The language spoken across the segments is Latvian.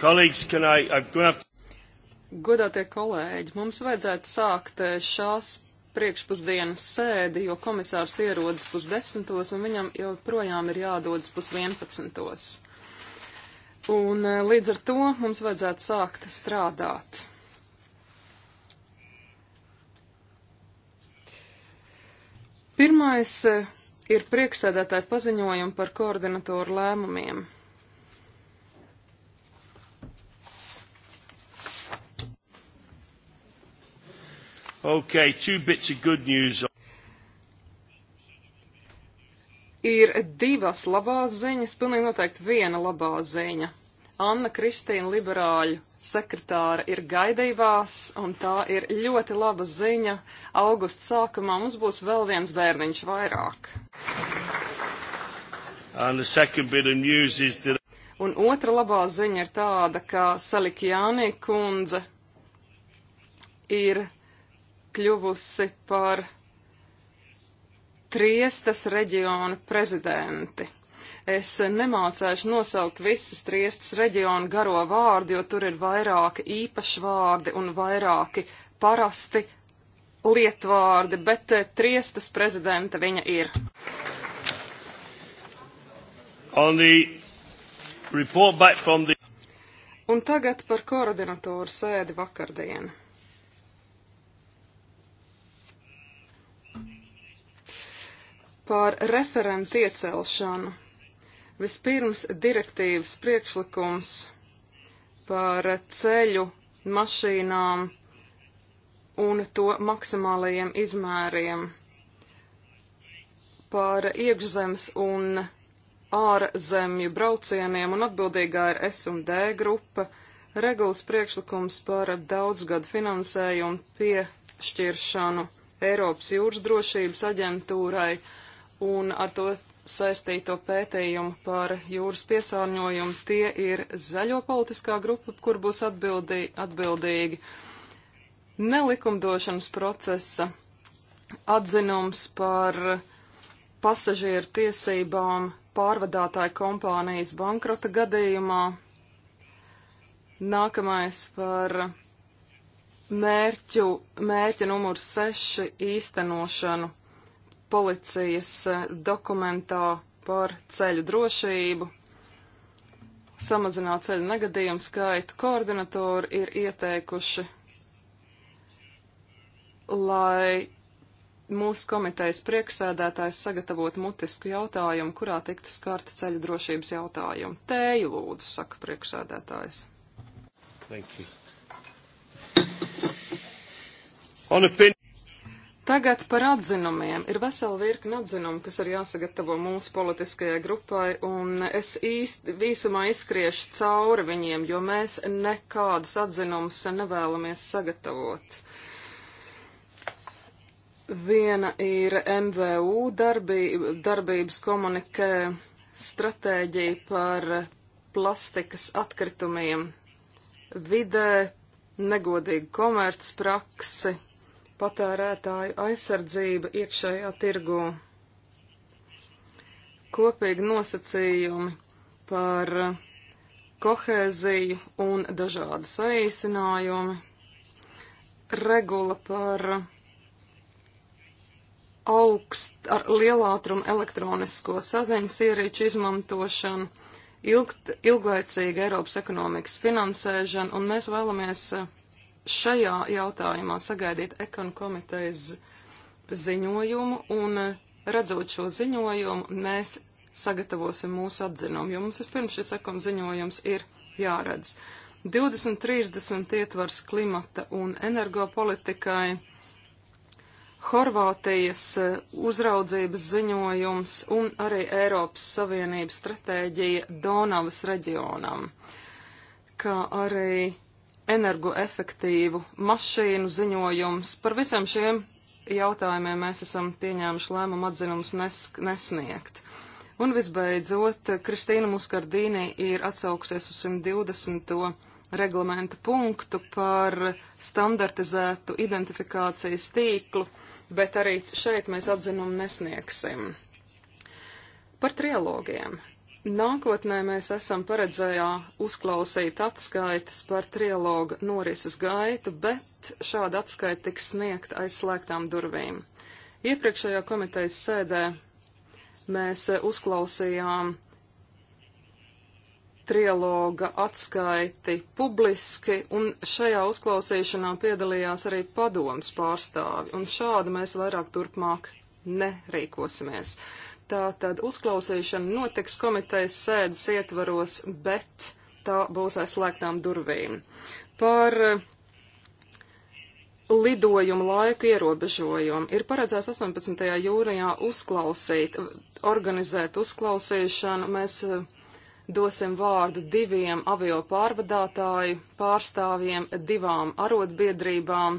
Kolēģis, can I, I'm gonna have to... Godātie kolēģi, mums vajadzētu sākt eh, šās priekšpusdienas sēdi, jo komisārs ierodas pusdesmitos un viņam joprojām ir jādodas pusvienpadsmitos. Un eh, līdz ar to mums vajadzētu sākt strādāt. Pirmais eh, ir priekšsēdētāja paziņojumi par koordinatoru lēmumiem. Okay, two bits of good news. Ir divas labās ziņas, pilnīgi noteikti viena labā ziņa. Anna Kristīna liberāļu sekretāra ir gaidījās, un tā ir ļoti laba ziņa. Augusta sākumā mums būs vēl viens bērniņš vairāk. That... Un otra labā ziņa ir tāda, ka Salikjānī kundze ir kļuvusi par Triestas reģiona prezidenti. Es nemācēšu nosaukt visus Triestas reģionu garo vārdu, jo tur ir vairāki īpašvārdi un vairāki parasti lietvārdi, bet eh, Triestas prezidenta viņa ir. The... Un tagad par koordinatoru sēdi vakardien. par referentu iecelšanu. Vispirms direktīvas priekšlikums par ceļu mašīnām un to maksimālajiem izmēriem, par iekšzemes un ārzemju braucieniem un atbildīgā ir S un D grupa, regulas priekšlikums par daudzgadu finansējumu piešķiršanu Eiropas jūras drošības aģentūrai un ar to saistīto pētījumu par jūras piesārņojumu. Tie ir zaļo politiskā grupa, kur būs atbildī, atbildīgi nelikumdošanas procesa atzinums par pasažieru tiesībām pārvadātāja kompānijas bankrota gadījumā. Nākamais par mērķu, mērķa numur 6 īstenošanu policijas eh, dokumentā par ceļu drošību, samazināt ceļu negadījumu skaitu, koordinatori ir ieteikuši, lai mūsu komitejas priekšsēdētājs sagatavot mutisku jautājumu, kurā tiktu skarta ceļu drošības jautājumu. Tēju lūdzu, saka priekšsēdētājs. Thank you. On a pin Tagad par atzinumiem. Ir vesela virkna atzinumu, kas ir jāsagatavo mūsu politiskajai grupai, un es īsti visumā izskriešu cauri viņiem, jo mēs nekādus atzinumus nevēlamies sagatavot. Viena ir MVU darbība, darbības komunikē stratēģija par plastikas atkritumiem vidē, negodīgu komercpraksi patērētāju aizsardzība iekšējā tirgū. Kopīgi nosacījumi par kohēziju un dažādi saīsinājumi, regula par augst ar lielātrumu elektronisko saziņas ierīču izmantošanu, ilgt, ilglaicīga Eiropas ekonomikas finansēšana, un mēs vēlamies uh, šajā jautājumā sagaidīt ekonu komitejas ziņojumu, un eh, redzot šo ziņojumu, mēs sagatavosim mūsu atzinumu, jo mums vispirms šis ekonu ziņojums ir jāredz. 2030 ietvars klimata un energopolitikai, Horvātijas eh, uzraudzības ziņojums un arī Eiropas Savienības stratēģija Donavas reģionam, kā arī energoefektīvu mašīnu ziņojums. Par visiem šiem jautājumiem mēs esam pieņēmuši lēmumu atzinums nes nesniegt. Un visbeidzot, Kristīna Muskardīnī ir atsaukusies uz 120. reglamenta punktu par standartizētu identifikācijas tīklu, bet arī šeit mēs atzinumu nesniegsim. Par trilogiem. Nākotnē mēs esam paredzējā uzklausīt atskaitas par trialoga norises gaitu, bet šāda atskaita tiks sniegta aizslēgtām durvīm. Iepriekšējā komitejas sēdē mēs uzklausījām trialoga atskaiti publiski, un šajā uzklausīšanā piedalījās arī padomas pārstāvi, un šādi mēs vairāk turpmāk nerīkosimies. Tātad uzklausīšana notiks komitejas sēdes ietvaros, bet tā būs aizslēgtām durvīm. Par eh, lidojumu laiku ierobežojumu ir paredzēts 18. jūnijā uzklausīt, organizēt uzklausīšanu. Mēs eh, dosim vārdu diviem avio pārvadātāju pārstāvjiem, divām arotbiedrībām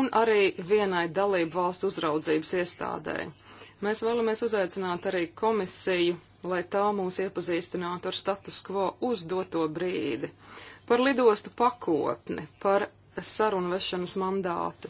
un arī vienai dalību valstu uzraudzības iestādēji. Mēs vēlamies uzaicināt arī komisiju, lai tā mūs iepazīstinātu ar status quo uz doto brīdi, par lidostu pakotni, par sarunvešanas mandātu.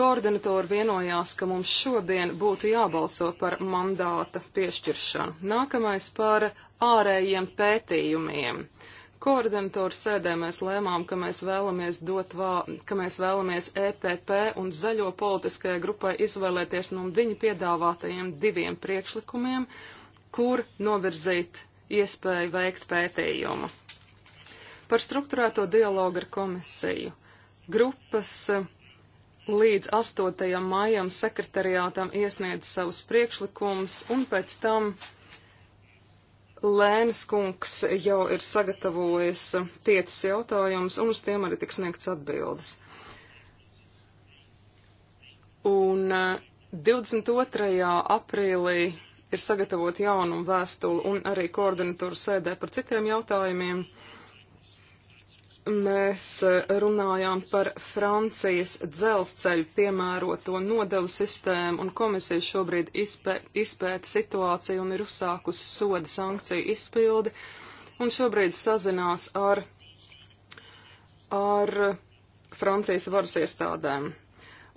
Koordinatori vienojās, ka mums šodien būtu jābalso par mandāta piešķiršanu. Nākamais par ārējiem pētījumiem. Uh, Koordinatoru sēdē mēs lēmām, ka mēs vēlamies dot vā, ka mēs vēlamies EPP un zaļo politiskajai grupai izvēlēties no viņu piedāvātajiem diviem priekšlikumiem, kur novirzīt iespēju veikt pētījumu. Par struktūrēto dialogu ar komisiju. Grupas līdz 8. maijam sekretariātam iesniedz savus priekšlikumus un pēc tam Lēnas kungs jau ir sagatavojis piecus jautājumus, un uz tiem arī tiks sniegts atbildes. Un 22. Eh, aprīlī ir sagatavot jaunu vēstuli un arī koordinatoru sēdē par citiem jautājumiem. Uh, mēs eh, runājām par Francijas dzelzceļu piemēroto nodevu sistēmu, un komisija šobrīd izpē, izpēta situāciju un ir uzsākusi soda sankciju izpildi, un šobrīd sazinās ar, ar Francijas varas iestādēm.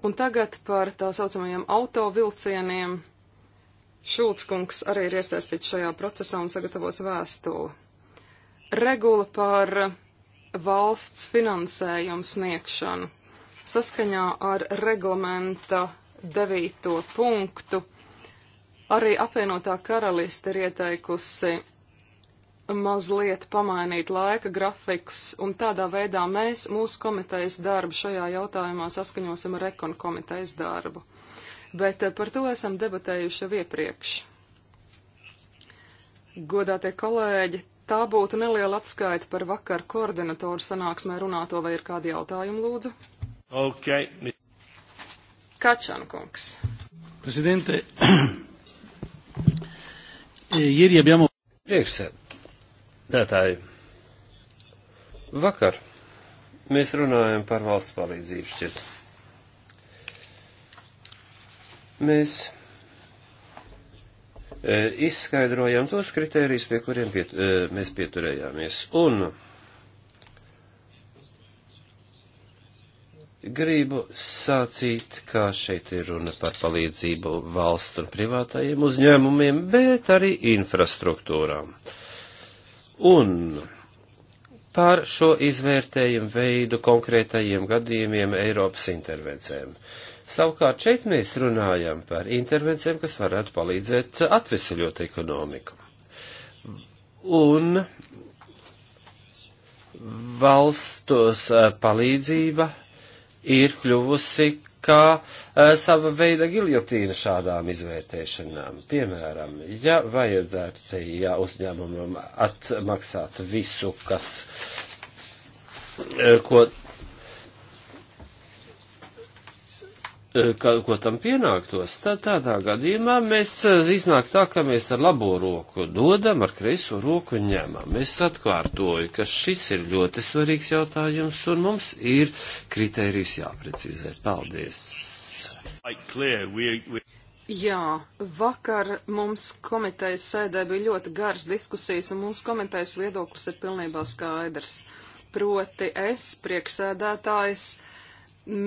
Un tagad par tā saucamajiem autovilcieniem. Šulckungs arī ir iesaistīts šajā procesā un sagatavos vēstuli. Regula par valsts finansējumu sniegšanu. Saskaņā ar reglamenta 9. punktu arī apvienotā karaliste ir ieteikusi mazliet pamainīt laika grafikus, un tādā veidā mēs mūsu komitejas darbu šajā jautājumā saskaņosim ar ekonu komitejas darbu. Bet eh, par to esam debatējuši jau iepriekš. Godātie kolēģi, Tā būtu neliela atskaita par vakar koordinatoru sanāksmē runāto, vai ir kādi jautājumi, lūdzu? Ok. Kačankungs. Prezidente, eh, ieri abbiamo... Priekšsēdētāji, vakar mēs runājam par valsts palīdzību šķiet. Mēs E, izskaidrojām tos kritērijus, pie kuriem piet, e, mēs pieturējāmies. Un gribu sācīt, kā šeit ir runa par palīdzību valsts un privātajiem uzņēmumiem, bet arī infrastruktūrām. Un par šo izvērtējumu veidu konkrētajiem gadījumiem Eiropas intervencēm. Uh, Savukārt šeit mēs runājam par intervencijām, kas varētu palīdzēt atvesaļot ekonomiku. Un valstos eh, palīdzība ir kļuvusi kā eh, sava veida giljotīna šādām izvērtēšanām. Piemēram, ja vajadzētu ceļā uzņēmumam atmaksāt visu, kas, eh, ko Eh, kaut ko tam pienāktos, tad tādā gadījumā mēs eh, iznāk tā, ka mēs ar labo roku dodam, ar kreiso roku ņemam. Es atkārtoju, ka šis ir ļoti svarīgs jautājums un mums ir kriterijus jāprecizē. Paldies! Jā, vakar mums komitejas sēdē bija ļoti garas diskusijas un mūsu komitejas viedoklis ir pilnībā skaidrs. Proti es, priekšsēdētājs,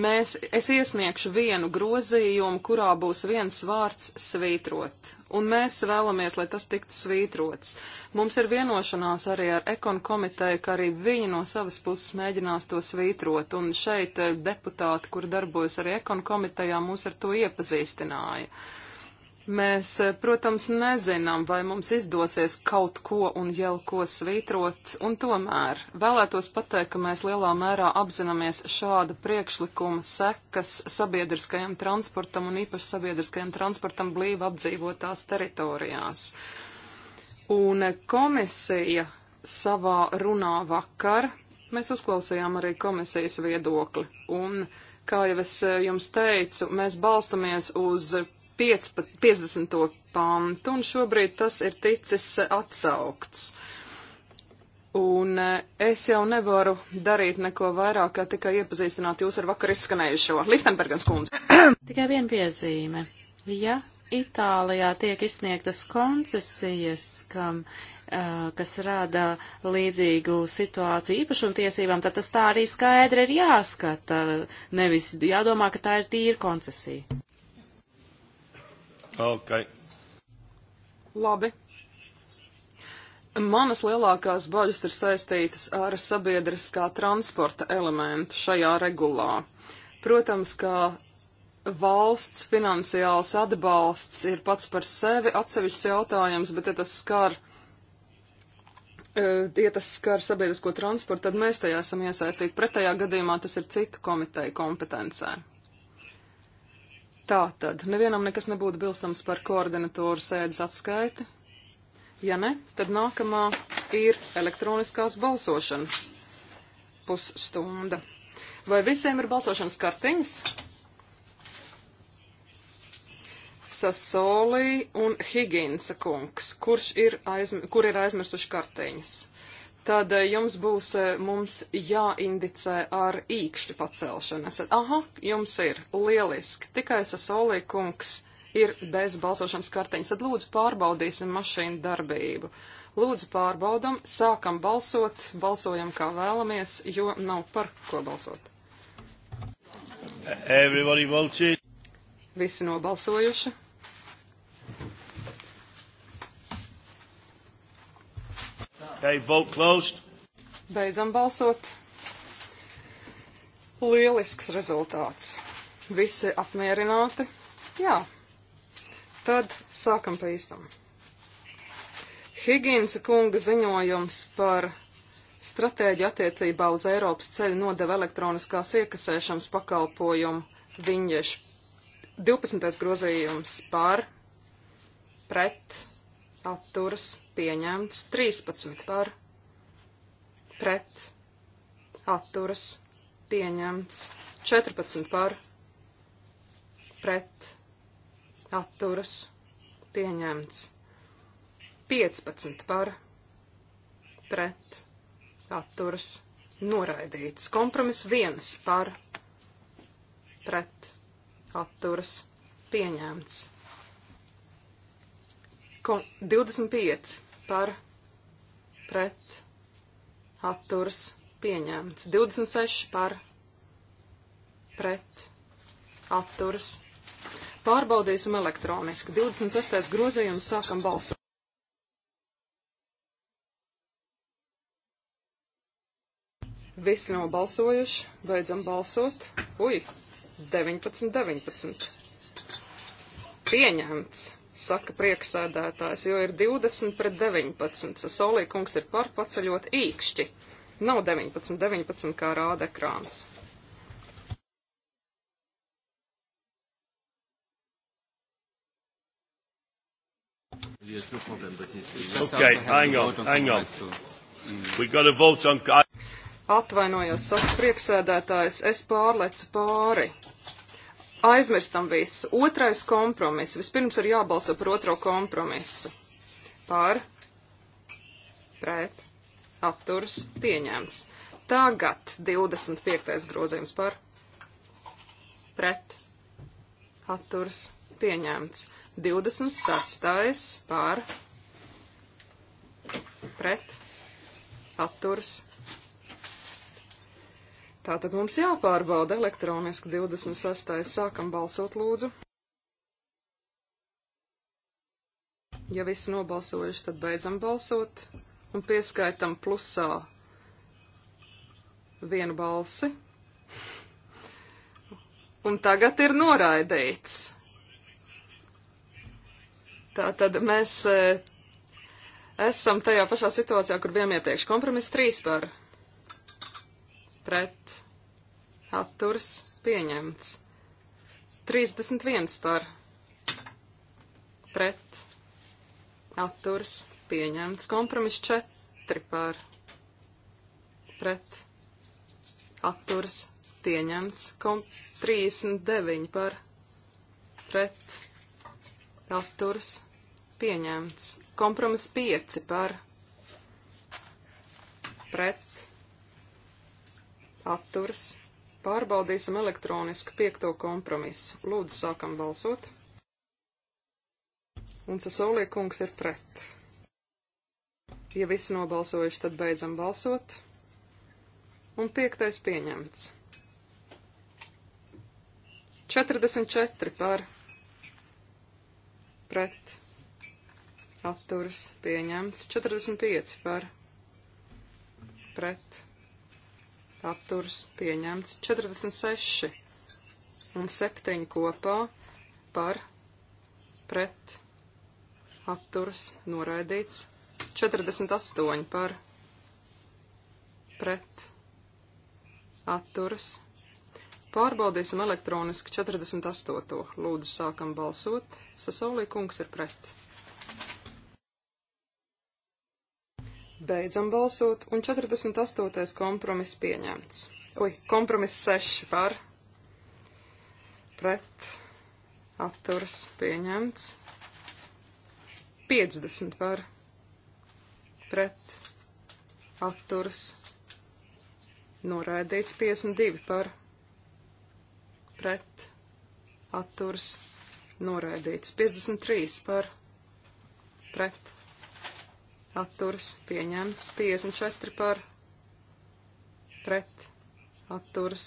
mēs, es iesniegšu vienu grozījumu, kurā būs viens vārds svītrot, un mēs vēlamies, lai tas tiktu svītrots. Mums ir vienošanās arī ar ekon komiteju, ka arī viņi no savas puses mēģinās to svītrot, un šeit eh, deputāti, kur darbojas arī ekon komitejā, mūs ar to iepazīstināja. Uh, Mēs, eh, protams, nezinām, vai mums izdosies kaut ko un jau ko svītrot, un tomēr vēlētos pateikt, ka mēs lielā mērā apzināmies šāda priekšlikuma sekas sabiedriskajam transportam un īpaši sabiedriskajam transportam blīvi apdzīvotās teritorijās. Un komisija savā runā vakar, mēs uzklausījām arī komisijas viedokli, un, kā jau es eh, jums teicu, mēs balstamies uz 50. pantu, un šobrīd tas ir ticis atsaukts. Un e, es jau nevaru darīt neko vairāk, kā tikai iepazīstināt jūs ar vakar izskanējušo. Lichtenbergens kundze. Tikai viena piezīme. Ja Itālijā tiek izsniegtas koncesijas, kam, uh, kas rada līdzīgu situāciju īpašumtiesībām, tad tas tā arī skaidri ir jāskata, nevis jādomā, ka tā ir tīra koncesija. Ok. Labi. Manas lielākās bažas ir saistītas ar sabiedriskā transporta elementu šajā regulā. Protams, ka valsts finansiāls atbalsts ir pats par sevi atsevišķs jautājums, bet ja tas skar, eh, ja tas skar sabiedrisko transportu, tad mēs tajā esam iesaistīti. Pretējā gadījumā tas ir citu komiteju kompetencē. Tātad, nevienam nekas nebūtu bilstams par koordinatoru sēdes atskaiti. Ja ne, tad nākamā ir elektroniskās balsošanas pusstunda. Vai visiem ir balsošanas kartiņas? Sasolī un Higinsa kungs, kurš ir, aizm kur ir aizmirsuši kartiņas? tad eh, jums būs eh, mums jāindicē ar īkšķu pacelšanu. Esat, aha, jums ir lieliski, tikai Sasolī kungs ir bez balsošanas karteņas, tad lūdzu pārbaudīsim mašīnu darbību. Lūdzu pārbaudam, sākam balsot, balsojam kā vēlamies, jo nav par ko balsot. Visi nobalsojuši. Okay, vote closed. Beidzam balsot. Lielisks rezultāts. Visi apmierināti. Jā. Tad sākam pa īstam. Higīnsa kunga ziņojums par stratēģi attiecībā uz Eiropas ceļu nodeva elektroniskās iekasēšanas pakalpojumu viņiešu 12. grozījums par pret atturas pieņemts 13 par pret atturas pieņemts 14 par pret atturas pieņemts 15 par pret atturas noraidīts kompromiss 1 par pret atturas pieņemts Kon 25 par pret atturs pieņemts. 26 par pret atturs. Pārbaudīsim elektroniski. 26. grozījums sākam balsot. Visi nobalsojuši, beidzam balsot. Ui, 19, 19. Pieņemts saka prieksēdētājs, jo ir 20 pret 19. Sasolī kungs ir par paceļot īkšķi. Nav 19, 19 kā rāda ekrāns. Okay, hang on, hang on. We got a vote on... Atvainojos, saka prieksēdētājs, es pārlecu pāri aizmirstam visu. Otrais kompromiss. Vispirms ir jābalso par otro kompromisu. Par, pret, apturs, pieņemts. Tagad 25. grozījums par, pret, apturs, pieņemts. 26. par, pret, apturs, pieņemts Tātad mums jāpārbauda elektroniski 26. sākam balsot lūdzu. Ja visi nobalsojuši, tad beidzam balsot un pieskaitam plusā vienu balsi. Un tagad ir noraidīts. Tātad mēs eh, esam tajā pašā situācijā, kur bijām iepriekš. Kompromiss trīs par pret atturs pieņemts. 31 par pret atturs pieņemts. Kompromiss 4 par pret atturs pieņemts. Kom 39 par pret atturs pieņemts. Kompromiss 5 par pret atturas. Pārbaudīsim elektroniski piekto kompromisu. Lūdzu, sākam balsot. Un Sasolī kungs ir pret. Ja visi nobalsojuši, tad beidzam balsot. Un piektais pieņemts. 44 par pret atturs pieņemts. 45 par pret atturs atturs pieņemts 46 un 7 kopā par pret atturs noraidīts 48 par pret atturs. Pārbaudīsim elektroniski 48. Lūdzu, sākam balsot. Sasaulī kungs ir pret. Beidzam balsot, un 48. kompromiss pieņemts. Ui, kompromiss 6 par, pret, atturs pieņemts. 50 par, pret, atturs noraidīts. 52 par, pret, atturs noraidīts. 53 par, pret, atturs atturas pieņemts, 54 par pret atturas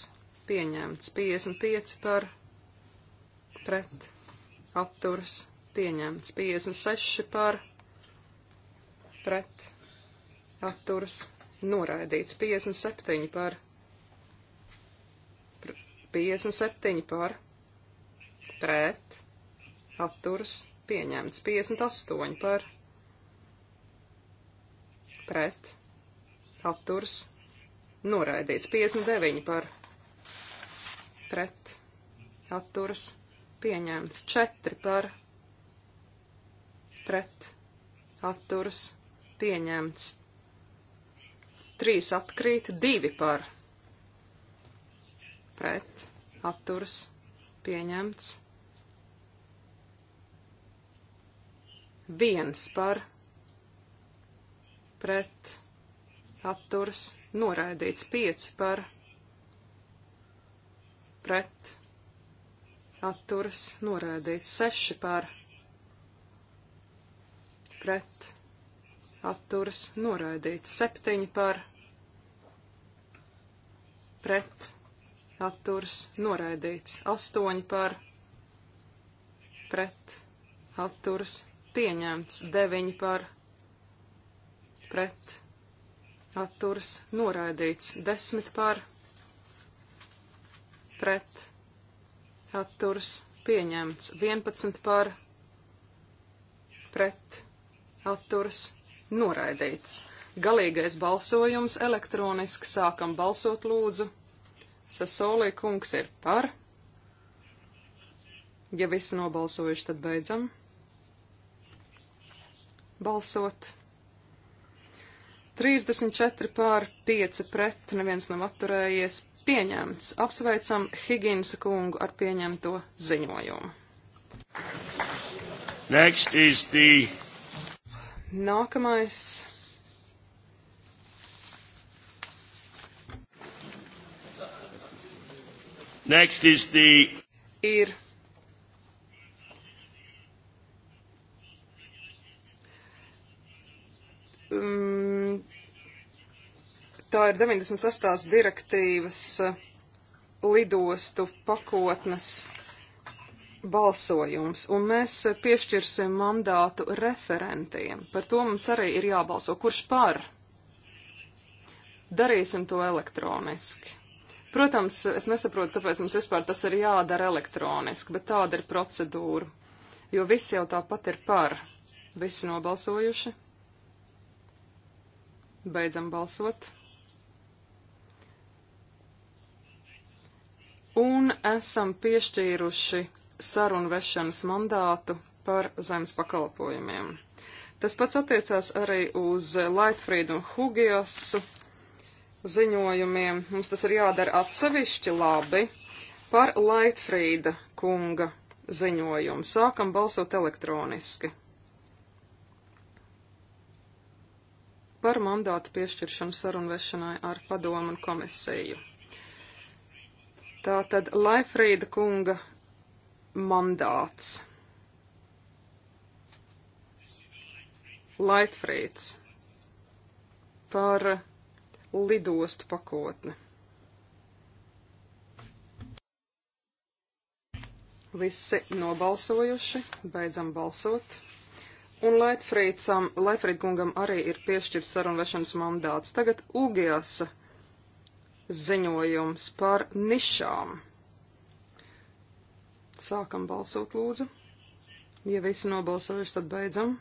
pieņemts, 55 par pret atturas pieņemts, 56 par pret atturas noraidīts, 57 par 57 par pret atturas pieņemts, 58 par pret pret, atturs, noraidīts. 59 par, pret, atturs, pieņemts. 4 par, pret, atturs, pieņemts. 3 atkrīt, 2 par, pret, atturs, pieņemts. 1 par, pret pret atturs noraidīts 5 par pret atturs noraidīts 6 par pret atturs noraidīts 7 par pret atturs noraidīts 8 par pret atturs pieņemts 9 par pret pret atturs noraidīts. 10 par pret atturs pieņemts. 11 par pret atturs noraidīts. Galīgais balsojums elektroniski sākam balsot lūdzu. Sasolī kungs ir par. Ja visi nobalsojuši, tad beidzam. Balsot. 34 pār 5 pret, neviens nav atturējies, pieņemts. Apsveicam Higinsa kungu ar pieņemto ziņojumu. Next is the... Nākamais. Next is the... Ir um, tā ir 96. direktīvas eh, lidostu pakotnes balsojums, un mēs piešķirsim mandātu referentiem. Par to mums arī ir jābalso. Kurš par? Darīsim to elektroniski. Protams, es nesaprotu, kāpēc mums vispār tas ir jādara elektroniski, bet tāda ir procedūra, jo visi jau tāpat ir par. Visi nobalsojuši. Beidzam balsot. Un esam piešķīruši sarunu vešanas mandātu par zemes pakalpojumiem. Tas pats attiecās arī uz Laitfrīdu un Hugiasu ziņojumiem. Mums tas ir jādara atsevišķi labi par Laitfrīda kunga ziņojumu. Sākam balsot elektroniski. par mandātu piešķiršanu sarunvešanai ar padomu un komisiju. Tātad Laifrīda kunga mandāts. Laitfrīds par lidostu pakotni. Visi nobalsojuši, beidzam balsot. Un Leitfrīdsam, Leitfrīdkungam arī ir piešķirts sarunvešanas mandāts. Tagad Ugiasa ziņojums par nišām. Sākam balsot, lūdzu. Ja visi nobalsojuši, tad beidzam.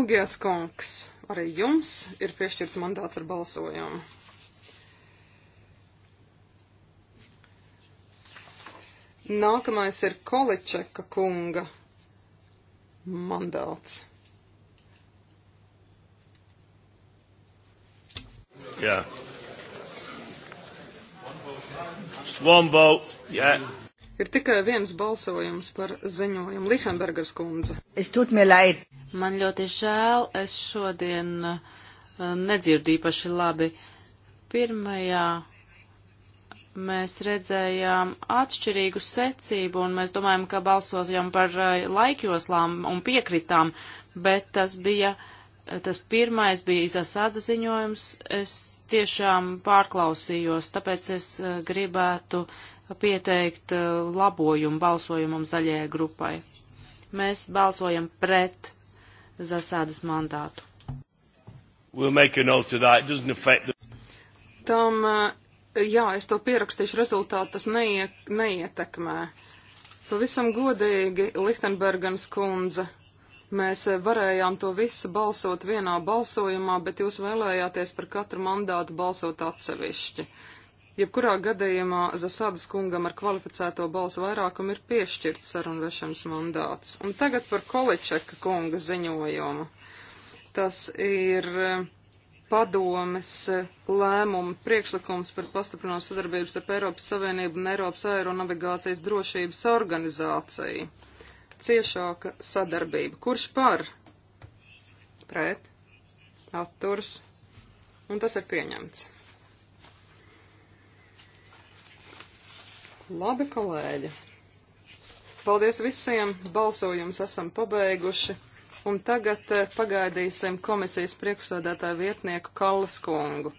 Ugias kungs, arī jums ir piešķirts mandāts ar balsojumu. Nākamais ir Količeka kunga mandāts. Jā. Svambo, jā. Ir tikai viens balsojums par ziņojumu. Lihenbergers kundze. Es tūt mē laid. Man ļoti žēl, es šodien eh, nedzirdu īpaši labi. Pirmajā mēs redzējām atšķirīgu secību, un mēs domājam, ka balsojam par eh, laikjoslām un piekritām, bet tas bija, eh, tas pirmais bija izasāda ziņojums, es tiešām pārklausījos, tāpēc es eh, gribētu pieteikt labojumu balsojumam zaļajai grupai. Mēs balsojam pret zasādas mandātu. We'll make a note of that. It doesn't affect the... Tam uh, jā, es to pierakstīšu, rezultātu tas neie, neietekmē. Pavisam godīgi, Lichtenbergens kundze, mēs varējām to visu balsot vienā balsojumā, bet jūs vēlējāties par katru mandātu balsot atsevišķi. Jebkurā gadījumā Zasādas kungam ar kvalificēto balsu vairākumu ir piešķirts sarunvešanas mandāts. Un tagad par Količeka kunga ziņojumu. Tas ir uh, padomes eh, lēmumu priekšlikums par pastiprināt sadarbības starp Eiropas Savienību un Eiropas aeronavigācijas drošības organizāciju. Ciešāka sadarbība. Kurš par? Pret. Atturs. Un tas ir pieņemts. Labi, kolēģi. Paldies visiem. Balsojums esam pabeiguši un tagad eh, pagaidīsim komisijas priekšsādātāju vietnieku Kallaskungu.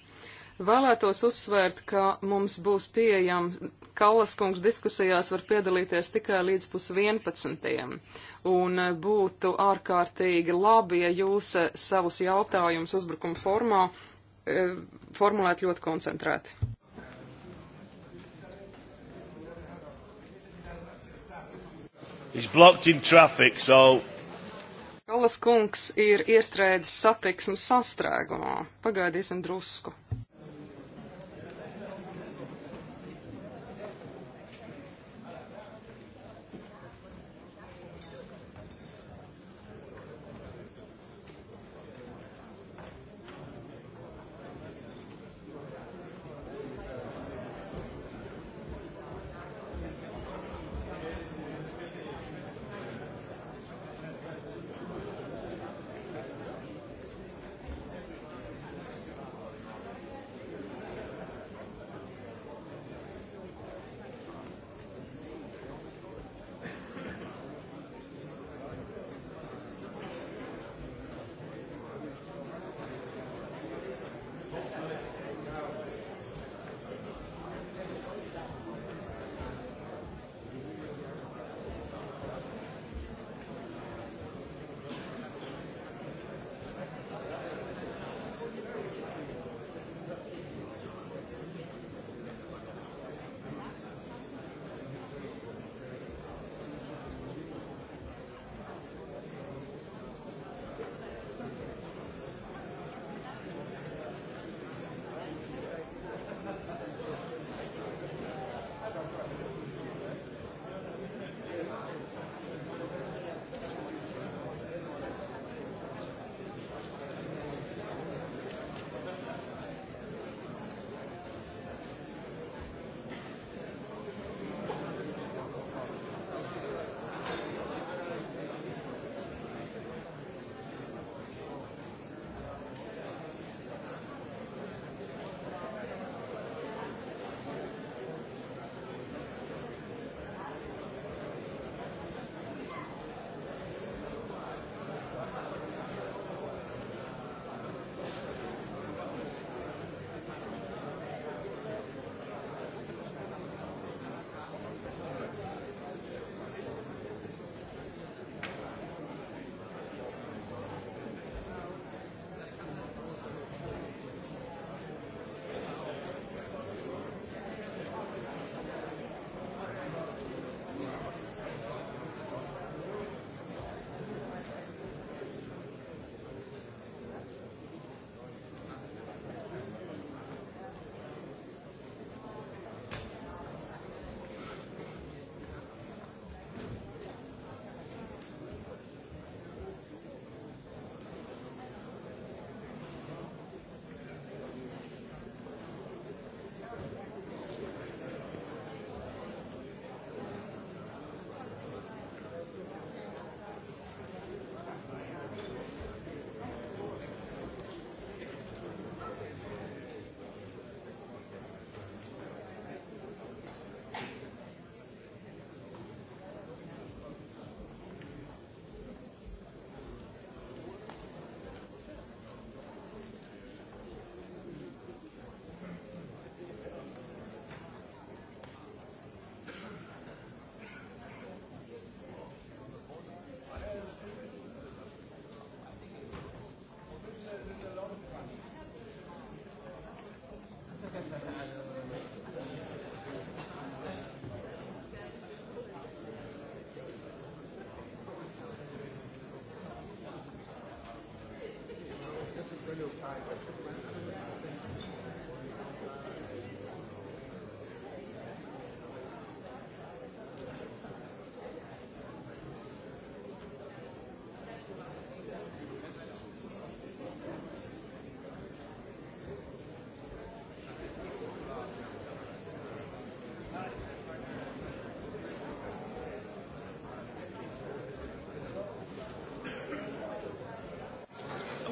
Vēlētos uzsvērt, ka mums būs pieejama Kallaskungs diskusijās var piedalīties tikai līdz pus 11. Un eh, būtu ārkārtīgi labi, ja jūs eh, savus jautājumus uzbrukuma formā formulēt ļoti koncentrēti. He's blocked in traffic, so Kalas kungs ir iestrēdzis satiksmes sastrēgumā. Pagaidīsim drusku.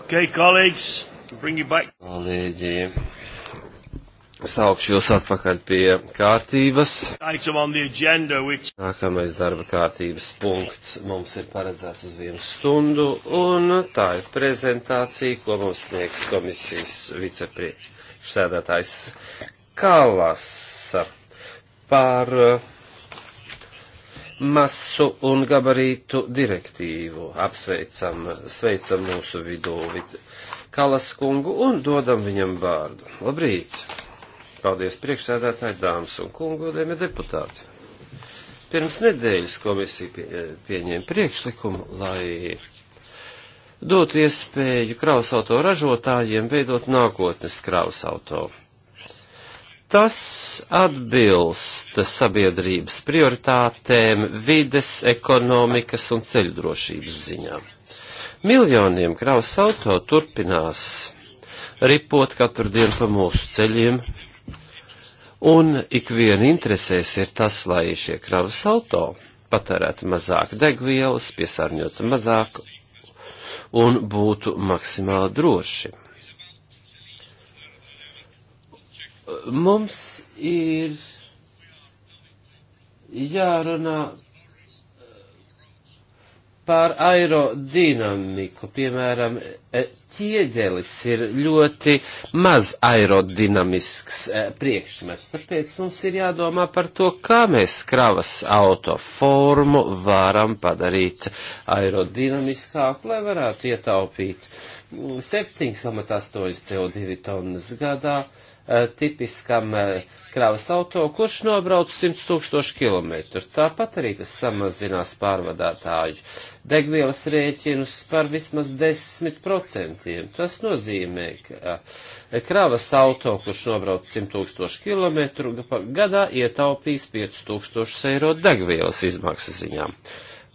Okay, colleagues, bring you back. Kolēģi, saukšu jūs atpakaļ pie kārtības. Item on the agenda, which... Nākamais darba kārtības punkts mums ir paredzēts uz vienu stundu, un tā ir prezentācija, ko mums sniegs komisijas vicepriekšsēdētājs Kalas par uh, masu un gabarītu direktīvu. Apsveicam, sveicam mūsu vidū Kalas kungu un dodam viņam vārdu. Labrīt! Paldies priekšsēdētāji, dāmas un kungu, godējumie deputāti! Pirms nedēļas komisija pie, eh, pieņēma priekšlikumu, lai dotu iespēju krausauto ražotājiem veidot nākotnes krausautoru Tas atbilst sabiedrības prioritātēm, vides, ekonomikas un ceļdrošības ziņā. Miljoniem kravas auto turpinās ripot katru dienu pa mūsu ceļiem, un ikviena interesēs ir tas, lai šie kravas auto patērētu mazāk degvielas, piesārņotu mazāk un būtu maksimāli droši. mums ir jārunā par aerodinamiku. Piemēram, e, ķieģelis ir ļoti maz aerodinamisks e, priekšmets, tāpēc mums ir jādomā par to, kā mēs kravas autoformu varam padarīt aerodinamiskāku, lai varētu ietaupīt 7,8 mm, CO2 tonnas gadā Eh, tipiskam eh, kravas auto, kurš nobrauc 100 tūkstošu kilometru. Tāpat arī tas samazinās pārvadātāju degvielas rēķinus par vismaz 10%. Tas nozīmē, ka eh, kravas auto, kurš nobrauc 100 tūkstošu kilometru, gadā ietaupīs 5 tūkstošus eiro degvielas izmaksu ziņām.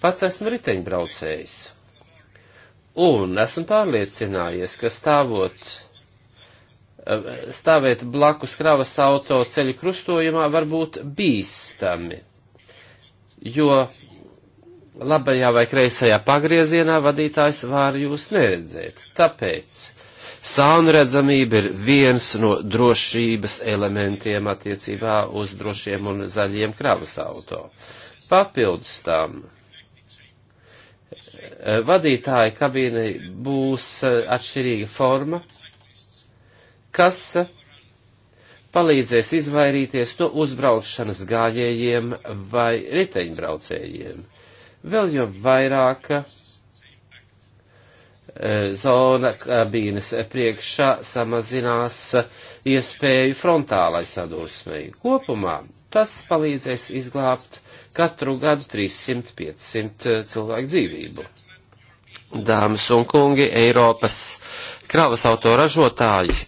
Pats esmu riteņbraucējs. Un esmu pārliecinājies, ka stāvot Eh, stāvēt blakus kravas auto ceļu krustojumā var būt bīstami, jo labajā vai kreisajā pagriezienā vadītājs var jūs neredzēt. Tāpēc saunredzamība ir viens no drošības elementiem attiecībā uz drošiem un zaļiem kravas auto. Papildus tam eh, vadītāja kabīnei būs eh, atšķirīga forma, kas palīdzēs izvairīties no uzbraukšanas gājējiem vai riteņbraucējiem. Vēl jau vairāk eh, zona kabīnes priekšā samazinās iespēju frontālai sadursmei. Kopumā tas palīdzēs izglābt katru gadu 300-500 eh, cilvēku dzīvību. Dāmas un kungi, Eiropas kravas autoražotāji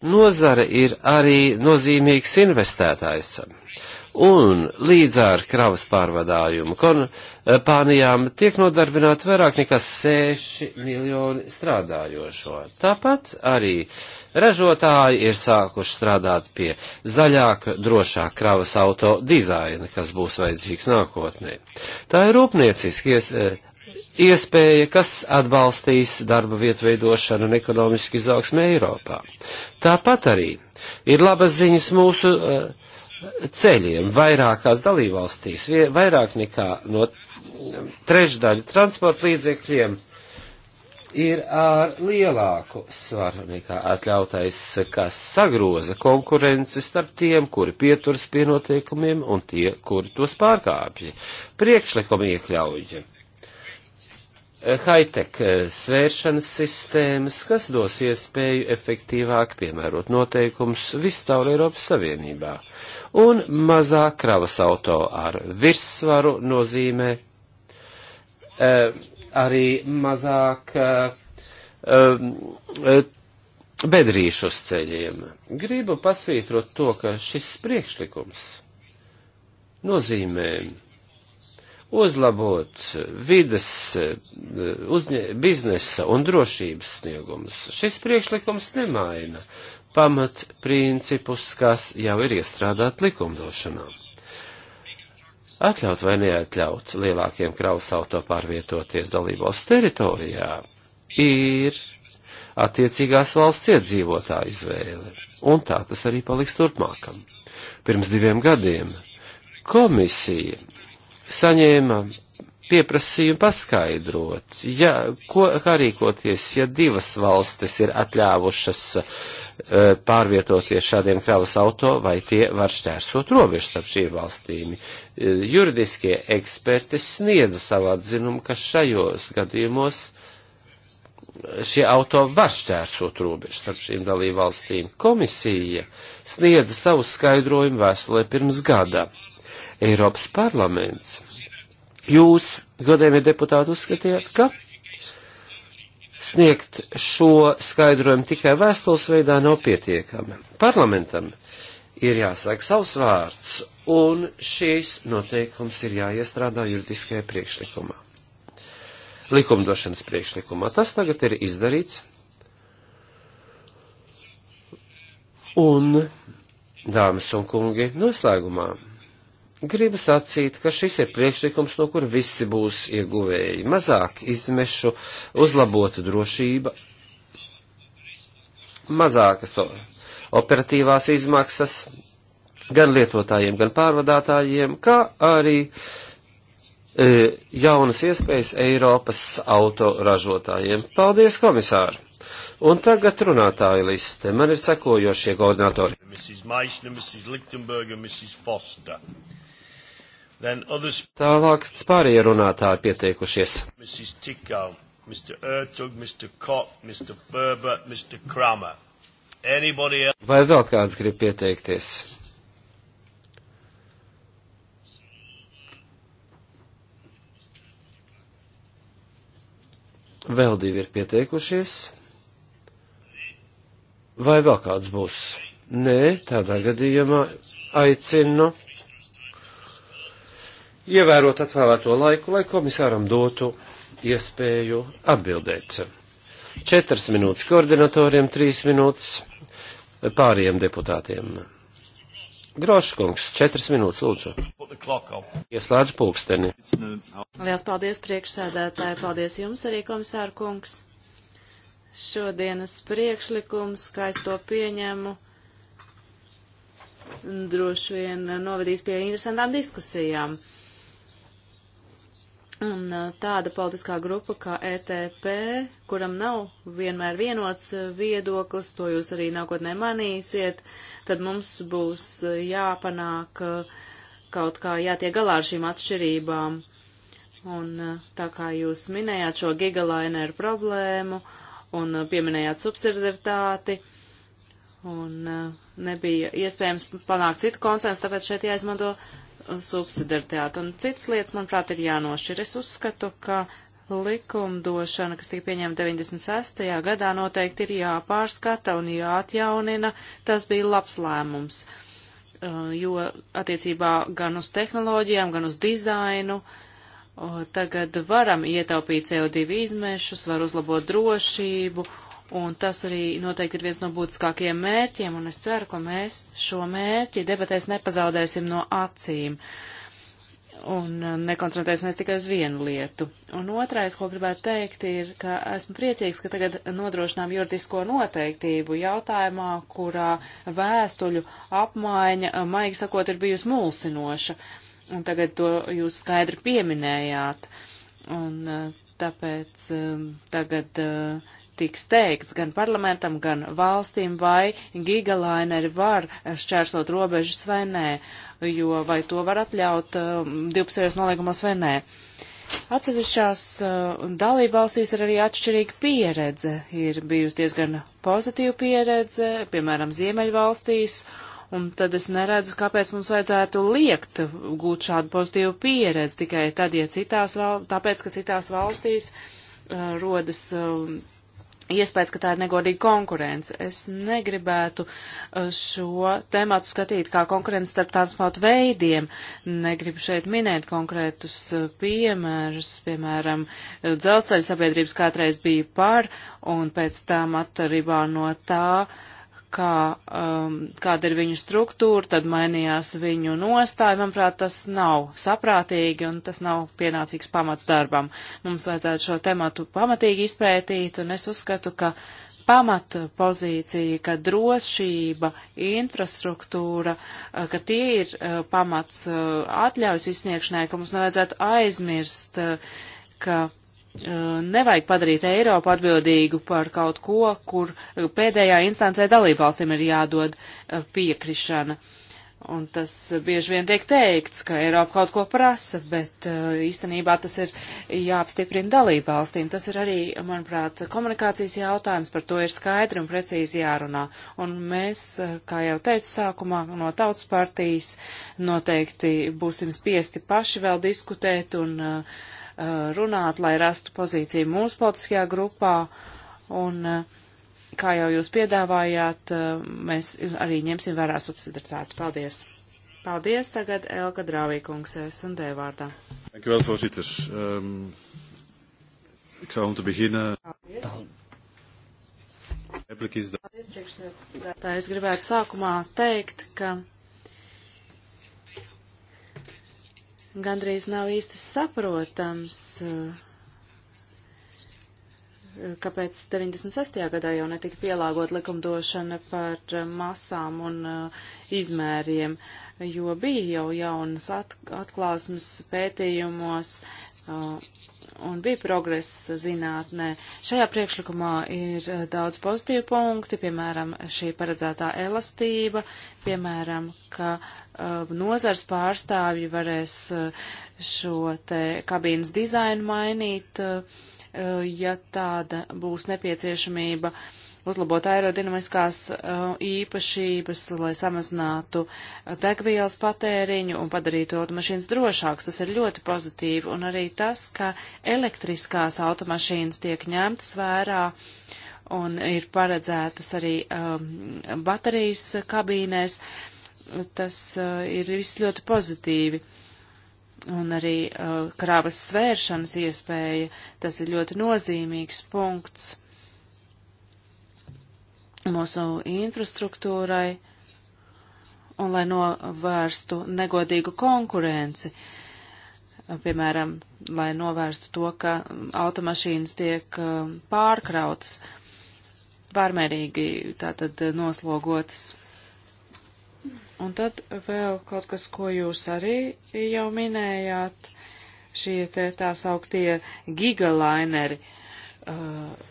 Nozara ir arī nozīmīgs investētājs. Un līdz ar kravas pārvadājumu kompānijām tiek nodarbināti vairāk nekā 6 miljoni strādājošo. Tāpat arī ražotāji ir sākuši strādāt pie zaļāka, drošāka kravas auto dizaina, kas būs vajadzīgs nākotnē. Tā ir rūpnieciski iespēja, kas atbalstīs darba vietu veidošanu un ekonomisku izaugsmu Eiropā. Tāpat arī ir labas ziņas mūsu eh, ceļiem vairākās dalībvalstīs, vairāk nekā no trešdaļu transporta līdzekļiem ir ar lielāku svaru nekā atļautais, kas sagroza konkurenci starp tiem, kuri pieturas pie noteikumiem un tie, kuri tos pārkāpja. Priekšlikumi iekļauj Eh, high-tech eh, svēršanas sistēmas, kas dos iespēju efektīvāk piemērot noteikumus viscaur Eiropas Savienībā. Un mazā kravas auto ar virssvaru nozīmē eh, arī mazāk eh, eh, bedrīšu uz ceļiem. Gribu pasvītrot to, ka šis priekšlikums nozīmē uzlabot vides, eh, uzņē, biznesa un drošības sniegumus. Šis priekšlikums nemaina pamat principus, kas jau ir iestrādāt likumdošanā. Atļaut vai neatļaut lielākiem kravas auto pārvietoties dalībvalsts teritorijā ir attiecīgās valsts iedzīvotāja izvēle, un tā tas arī paliks turpmākam. Pirms diviem gadiem komisija saņēma pieprasījumu paskaidrot, ja, ko, kā rīkoties, ja divas valstis ir atļāvušas e, pārvietoties šādiem kravas auto, vai tie var šķērsot robežu starp šīm valstīm. E, juridiskie eksperti sniedza savu atzinumu, ka šajos gadījumos šie auto var šķērsot robežu starp šīm dalībvalstīm. Komisija sniedza savu skaidrojumu vēstulē pirms gada Eiropas parlaments. Jūs, godējumie deputāti, uzskatījāt, ka sniegt šo skaidrojumu tikai vēstules veidā nav pietiekami. Parlamentam ir jāsaka savs vārds, un šīs noteikums ir jāiestrādā juridiskajā priekšlikumā. Likumdošanas priekšlikumā tas tagad ir izdarīts, un, dāmas un kungi, noslēgumā gribu sacīt, ka šis ir priekšlikums, no kura visi būs ieguvēji. Mazāk izmešu, uzlabota drošība, mazākas operatīvās izmaksas gan lietotājiem, gan pārvadātājiem, kā arī e, jaunas iespējas Eiropas autoražotājiem. Paldies, komisāri! Un tagad runātāja liste. Man ir sekojošie koordinatori. Mrs. Maisner, Mrs. Lichtenberger, Mrs. Foster. Others... Tālāk pārējie runātāji pieteikušies. Mrs. Tikau, Mr. Ertug, Mr. Kopp, Mr. Ferber, Mr. Kramer. Anybody else? Vai vēl kāds grib pieteikties? Vēl divi ir pieteikušies. Vai vēl kāds būs? Nē, tādā gadījumā aicinu ievērot atvēlēto laiku, lai komisāram dotu iespēju atbildēt. Četras minūtes koordinatoriem, trīs minūtes pāriem deputātiem. Groškungs, četras minūtes, lūdzu. Ieslēdz pulksteni. Liels paldies priekšsēdētāji, paldies jums arī, komisāra kungs. Šodienas priekšlikums, kā es to pieņemu, droši vien novedīs pie interesantām diskusijām. Un uh, tāda politiskā grupa kā ETP, kuram nav vienmēr vienots uh, viedoklis, to jūs arī nākotnē manīsiet, tad mums būs uh, jāpanāk kaut kā jātiek galā ar šīm atšķirībām. Un tā kā jūs minējāt šo gigalaineru problēmu un pieminējāt subsidiaritāti, un nebija iespējams panākt citu konsensu, tāpēc šeit jāizmanto subsidiaritāti. Un cits lietas, manuprāt, ir jānošķir. Es uzskatu, ka likumdošana, kas tika pieņemta 96. gadā, noteikti ir jāpārskata un jāatjaunina. Tas bija labs lēmums, uh, jo attiecībā gan uz tehnoloģijām, gan uz dizainu uh, tagad varam ietaupīt CO2 izmešus, var uzlabot drošību Un tas arī noteikti ir viens no būtiskākajiem mērķiem, un es ceru, ka mēs šo mērķi debatēs nepazaudēsim no acīm un uh, nekoncentrēsimies tikai uz vienu lietu. Un otrais, ko gribētu teikt, ir, ka esmu priecīgs, ka tagad nodrošinām juridisko noteiktību jautājumā, kurā vēstuļu apmaiņa, uh, maigi sakot, ir bijusi mulsinoša. Un tagad to jūs skaidri pieminējāt. Un uh, tāpēc um, tagad. Uh, tiks teikts gan parlamentam, gan valstīm, vai gigalaineri var šķērsot robežas vai nē, jo vai to var atļaut uh, divpusējos nolīgumos vai nē. Atsevišķās uh, dalībvalstīs ir arī atšķirīga pieredze. Ir bijusi diezgan pozitīva pieredze, piemēram, Ziemeļvalstīs, un tad es neredzu, kāpēc mums vajadzētu liekt gūt šādu pozitīvu pieredzi tikai tad, ja citās, tāpēc, ka citās valstīs uh, rodas uh, iespējas, ka tā ir negodīga konkurence. Es negribētu uh, šo tēmātu skatīt kā konkurence starp transporta veidiem. Negribu šeit minēt konkrētus uh, piemērus. Piemēram, uh, dzelzceļa sabiedrības kādreiz bija par, un pēc tam atkarībā no tā. Uh, kā, um, kāda ir viņu struktūra, tad mainījās viņu nostāja. Manuprāt, tas nav saprātīgi un tas nav pienācīgs pamats darbam. Mums vajadzētu šo tematu pamatīgi izpētīt, un es uzskatu, ka pamata pozīcija, ka drošība, infrastruktūra, uh, ka tie ir uh, pamats uh, atļaujas izsniegšanai, ka mums nevajadzētu aizmirst, ka Uh, nevajag padarīt Eiropu atbildīgu par kaut ko, kur pēdējā instancē dalībvalstīm ir jādod uh, piekrišana. Un tas bieži vien tiek teikts, ka Eiropa kaut ko prasa, bet uh, īstenībā tas ir jāapstiprina dalībvalstīm. Tas ir arī, manuprāt, komunikācijas jautājums, par to ir skaidri un precīzi jārunā. Un mēs, kā jau teicu sākumā, no tautas partijas noteikti būsim spiesti paši vēl diskutēt un uh, Eh, runāt, lai rastu pozīciju mūsu politiskajā grupā. Un, eh, kā jau jūs piedāvājāt, eh, mēs arī ņemsim vērā subsidaritāti. Paldies! Paldies tagad Elka Drāvīkungs, S&D vārdā. Dankjewel, voorzitter. Um, ik zou om te beginnen... Paldies. Paldies, priekšsēdētāji. Es gribētu sākumā teikt, ka gandrīz nav īsti saprotams, eh, kāpēc 96. gadā jau netika pielāgot likumdošana par eh, masām un eh, izmēriem, jo bija jau jaunas atklāsmes pētījumos un bija progress zinātnē. Šajā priekšlikumā ir eh, daudz pozitīvu punkti, piemēram, šī paredzētā elastība, piemēram, ka uh, nozars pārstāvji varēs uh, šo te kabīnes dizainu mainīt, uh, ja tāda būs nepieciešamība. Uh, uzlabot aerodinamiskās uh, īpašības, lai samazinātu uh, degvielas patēriņu un padarītu automašīnas drošāks. Tas ir ļoti pozitīvi. Un arī tas, ka elektriskās automašīnas tiek ņemtas vērā un ir paredzētas arī um, baterijas kabīnēs. Tas uh, ir viss ļoti pozitīvi. Un arī uh, krāvas svēršanas iespēja, tas ir ļoti nozīmīgs punkts mūsu infrastruktūrai un lai novērstu negodīgu konkurenci. Piemēram, lai novērstu to, ka automašīnas tiek um, pārkrautas, pārmērīgi tātad noslogotas. Un tad vēl kaut kas, ko jūs arī jau minējāt, šie te tā sauktie gigalaineri. Uh,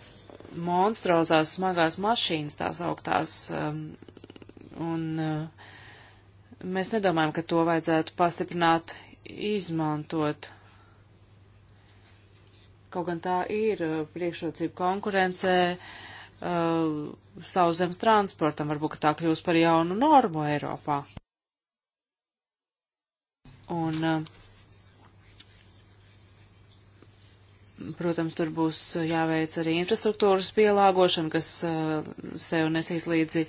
monstrozās smagās mašīnas, tās augtās, um, un uh, mēs nedomājam, ka to vajadzētu pastiprināt, izmantot. Kaut gan tā ir uh, priekšrocība konkurencē uh, sauszemes transportam, varbūt tā kļūs par jaunu normu Eiropā. Un uh, Protams, tur būs jāveic arī infrastruktūras pielāgošana, kas uh, sev nesīs līdzi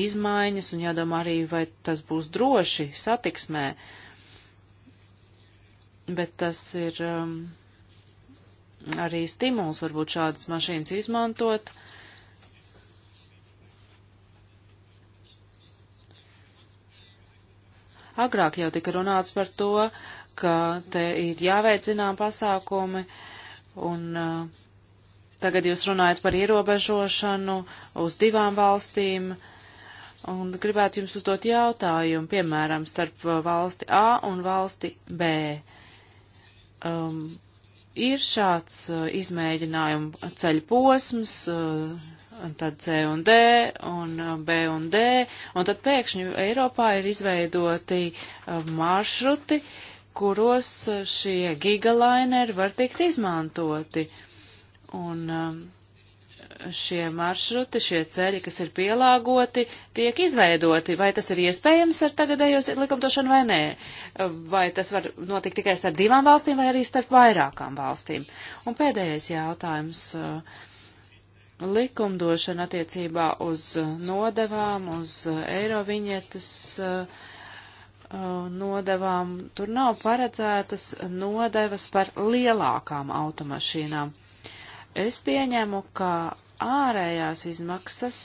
izmaiņas, un jādomā arī, vai tas būs droši satiksmē. Bet tas ir um, arī stimuls varbūt šādas mašīnas izmantot. Agrāk jau tika runāts par to, ka te ir jāveicinām pasākumi, uh, Un uh, tagad jūs runājat par ierobežošanu uz divām valstīm. Un gribētu jums uzdot jautājumu, piemēram, starp uh, valsti A un valsti B. Um, ir šāds uh, izmēģinājuma ceļu posms, uh, un tad C un D, un uh, B un D, un tad pēkšņi Eiropā ir izveidoti uh, maršruti, uh, kuros eh, šie gigalaineri var tikt izmantoti. Un um, šie maršruti, šie ceļi, kas ir pielāgoti, tiek izveidoti. Vai tas ir iespējams ar tagadējos likumdošanu vai nē? Vai tas var notikt tikai starp divām valstīm vai arī starp vairākām valstīm? Un pēdējais jautājums. Eh, likumdošana attiecībā uz eh, nodevām, uz eiroviņietas uh, Uh, nodevām, tur nav paredzētas nodevas par lielākām automašīnām. Es pieņemu, ka ārējās izmaksas,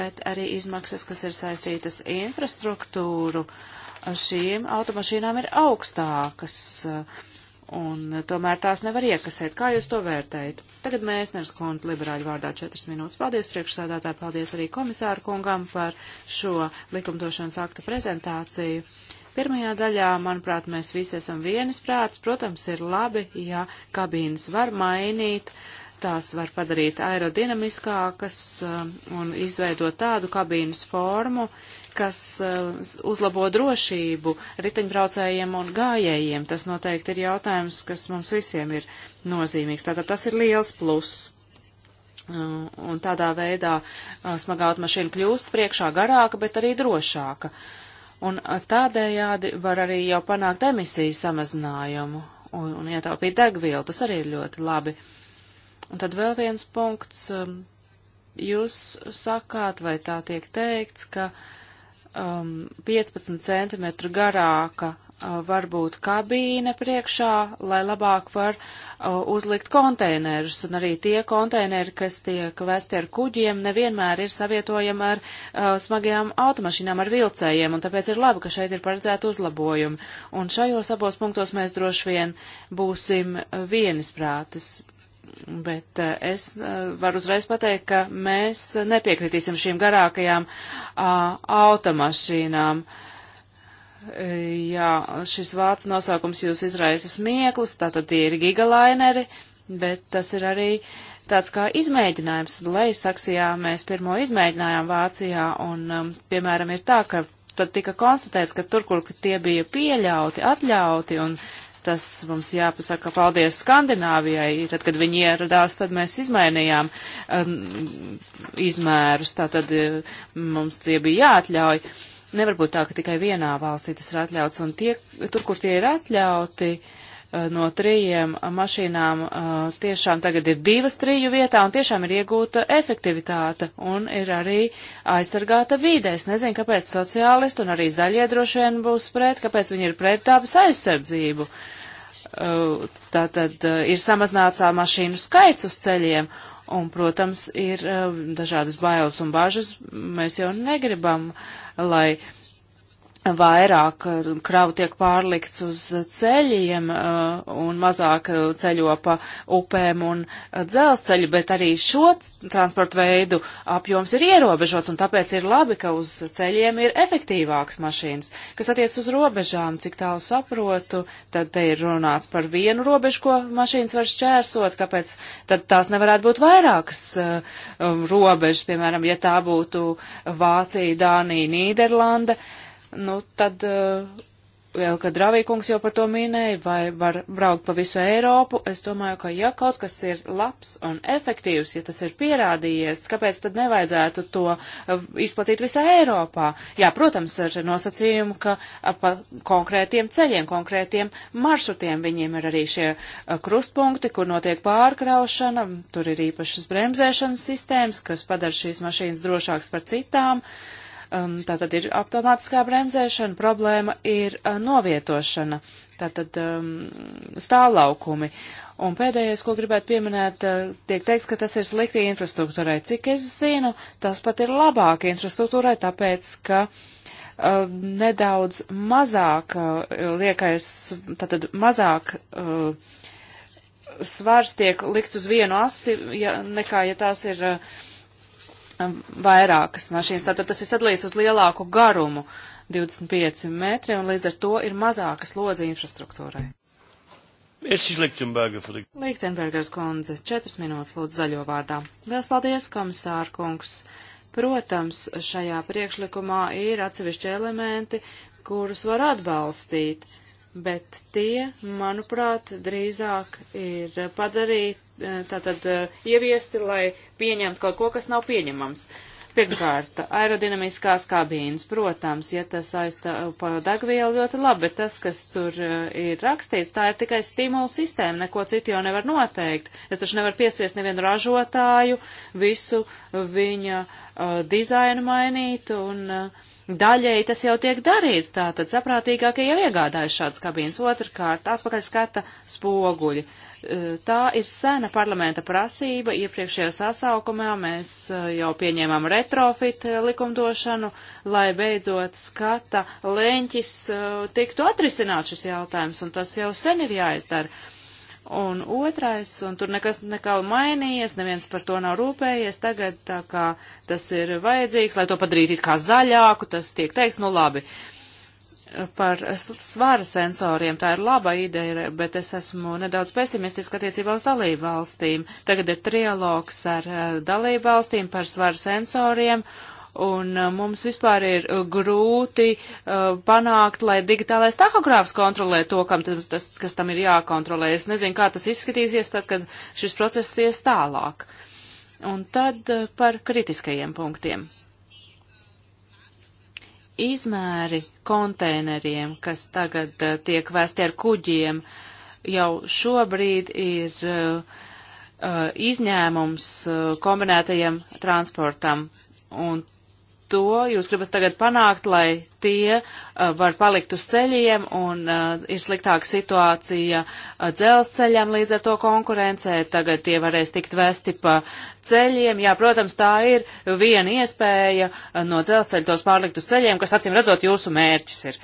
bet arī izmaksas, kas ir saistītas infrastruktūru, šīm automašīnām ir augstākas, uh, un tomēr tās nevar iekasēt. Kā jūs to vērtējat? Tagad mēs, Ners Kondz, liberāļu vārdā četras minūtes. Paldies priekšsādātāji, paldies arī komisāru kungam par šo likumdošanas akta prezentāciju. Uh, Pirmajā daļā, manuprāt, mēs visi esam vienisprāts. Protams, ir labi, ja kabīnes var mainīt, tās var padarīt aerodinamiskākas um, un izveidot tādu kabīnes formu, kas uh, uzlabo drošību riteņbraucējiem un gājējiem. Tas noteikti ir jautājums, kas mums visiem ir nozīmīgs. Tātad tas ir liels pluss. Uh, un tādā veidā uh, smagā automašīna kļūst priekšā garāka, bet arī drošāka. Uh, un tādējādi var arī jau panākt emisiju samazinājumu un, un ietaupīt degvielu. Tas arī ir ļoti labi. Un tad vēl viens punkts. Um, jūs sakāt, vai tā tiek teikts, ka um, 15 centimetru garāka Uh, varbūt kabīne priekšā, lai labāk var uh, uzlikt konteinerus, un arī tie konteineri, kas tiek vesti ar kuģiem, nevienmēr ir savietojami ar uh, smagajām automašīnām, ar vilcējiem, un tāpēc ir labi, ka šeit ir paredzēta uzlabojumi. Un šajos abos punktos mēs droši vien būsim uh, vienisprātis. Bet uh, es uh, varu uzreiz pateikt, ka mēs nepiekritīsim šīm garākajām automašīnām. Uh, Jā, šis vārds nosaukums jūs izraisa smieklus, tātad tie ir gigalaineri, bet tas ir arī tāds kā izmēģinājums. Leisaksijā mēs pirmo izmēģinājām Vācijā, un, um, piemēram, ir tā, ka tad tika konstatēts, ka tur, kur tie bija pieļauti, atļauti, un tas mums jāpasaka paldies Skandināvijai, tad, kad viņi ieradās, tad mēs izmainījām um, izmērus, tātad um, mums tie bija jāatļauj. Uh, Nevar būt tā, ka tikai vienā valstī tas ir atļauts, un tie, tur, kur tie ir atļauti, eh, no trījiem mašīnām eh, tiešām tagad ir divas triju vietā, un tiešām ir iegūta efektivitāte, un ir arī aizsargāta vīde. Es nezinu, kāpēc sociālisti un arī zaļie droši vien būs pret, kāpēc viņi ir pret tāpas aizsardzību. Eh, Tātad ir samazināts mašīnu skaits uz ceļiem, Un, protams, ir eh, dažādas bailes un bažas. Mēs jau negribam, lai uh, vairāk eh, kravu tiek pārlikts uz ceļiem eh, un mazāk eh, ceļo pa upēm un dzelzceļu, bet arī šo transportu veidu apjoms ir ierobežots, un tāpēc ir labi, ka uz ceļiem ir efektīvāks mašīnas. Kas attiec uz robežām, cik tālu saprotu, tad te ir runāts par vienu robežu, ko mašīnas var šķērsot, kāpēc tad tās nevarētu būt vairākas robežas, piemēram, ja tā būtu Vācija, Dānija, Nīderlanda. Uh, nu tad eh, vēl, kad Ravīkungs jau par to minēja, vai var braukt pa visu Eiropu, es domāju, ka ja kaut kas ir labs un efektīvs, ja tas ir pierādījies, kāpēc tad nevajadzētu to eh, izplatīt visā Eiropā? Jā, protams, ar nosacījumu, ka eh, pa konkrētiem ceļiem, konkrētiem maršrutiem viņiem ir arī šie krustpunkti, kur notiek pārkraušana, tur ir īpašas bremzēšanas sistēmas, kas padara šīs mašīnas drošākas par citām. Uh, Um, tātad ir automātiskā bremzēšana, problēma ir uh, novietošana, tātad um, stāvlaukumi. Un pēdējais, ko gribētu pieminēt, uh, tiek teikts, ka tas ir slikti infrastruktūrai. Cik es zinu, tas pat ir labāk infrastruktūrai, tāpēc, ka uh, nedaudz mazāk uh, liekais, tātad mazāk. Uh, svars tiek likts uz vienu asi, ja, nekā ja tās ir uh, Um, vairākas mašīnas. Tātad tas ir sadalīts uz lielāku garumu 25 metri un līdz ar to ir mazākas lodzi infrastruktūrai. Lichtenbergers kundze, četras minūtes lūdzu zaļo vārdā. Liels paldies, komisāra kungs. Protams, šajā priekšlikumā ir atsevišķi elementi, kurus var atbalstīt. Uh, bet tie, manuprāt, drīzāk ir padarīti, eh, tātad eh, ieviesti, lai pieņemtu kaut ko, kas nav pieņemams. Pirmkārt, aerodinamiskās kabīnes, protams, ja tas aizstāv degvielu ļoti labi, bet tas, kas tur eh, ir rakstīts, tā ir tikai stimulu sistēma, neko citu jau nevar noteikt. Es taču nevaru piespiest nevienu ražotāju visu viņa uh, dizainu mainīt un uh, Daļēji tas jau tiek darīts, tātad saprātīgākie jau iegādājas šādas kabīnes. Otrkārt, atpakaļ skata spoguļi. E, tā ir sena parlamenta prasība. Iepriekšējā sasaukumā mēs e, jau pieņēmām retrofit e, likumdošanu, lai beidzot skata leņķis tiktu atrisināt šis jautājums, un tas jau sen ir jāizdara. Un otrais, un tur nekas nekādu mainījies, neviens par to nav rūpējies, tagad tā kā tas ir vajadzīgs, lai to padarītu it kā zaļāku, tas tiek teiks, nu labi. Par svara sensoriem tā ir laba ideja, bet es esmu nedaudz pesimistiska attiecībā uz dalību valstīm. Tagad ir trialogs ar eh, dalību valstīm par svara sensoriem, Un uh, mums vispār ir uh, grūti uh, panākt, lai digitālais tahogrāfs kontrolē to, kam tas, kas tam ir jākontrolē. Es nezinu, kā tas izskatīsies tad, kad šis process ies tālāk. Un tad uh, par kritiskajiem punktiem. Izmēri konteineriem, kas tagad uh, tiek vēsti ar kuģiem, jau šobrīd ir uh, izņēmums kombinētajam transportam. Un to jūs gribat tagad panākt, lai tie uh, var palikt uz ceļiem un uh, ir sliktāka situācija uh, dzelzceļam līdz ar to konkurencē, tagad tie varēs tikt vesti pa ceļiem. Jā, protams, tā ir viena iespēja uh, no dzelzceļa tos pārlikt uz ceļiem, kas acīm redzot jūsu mērķis ir.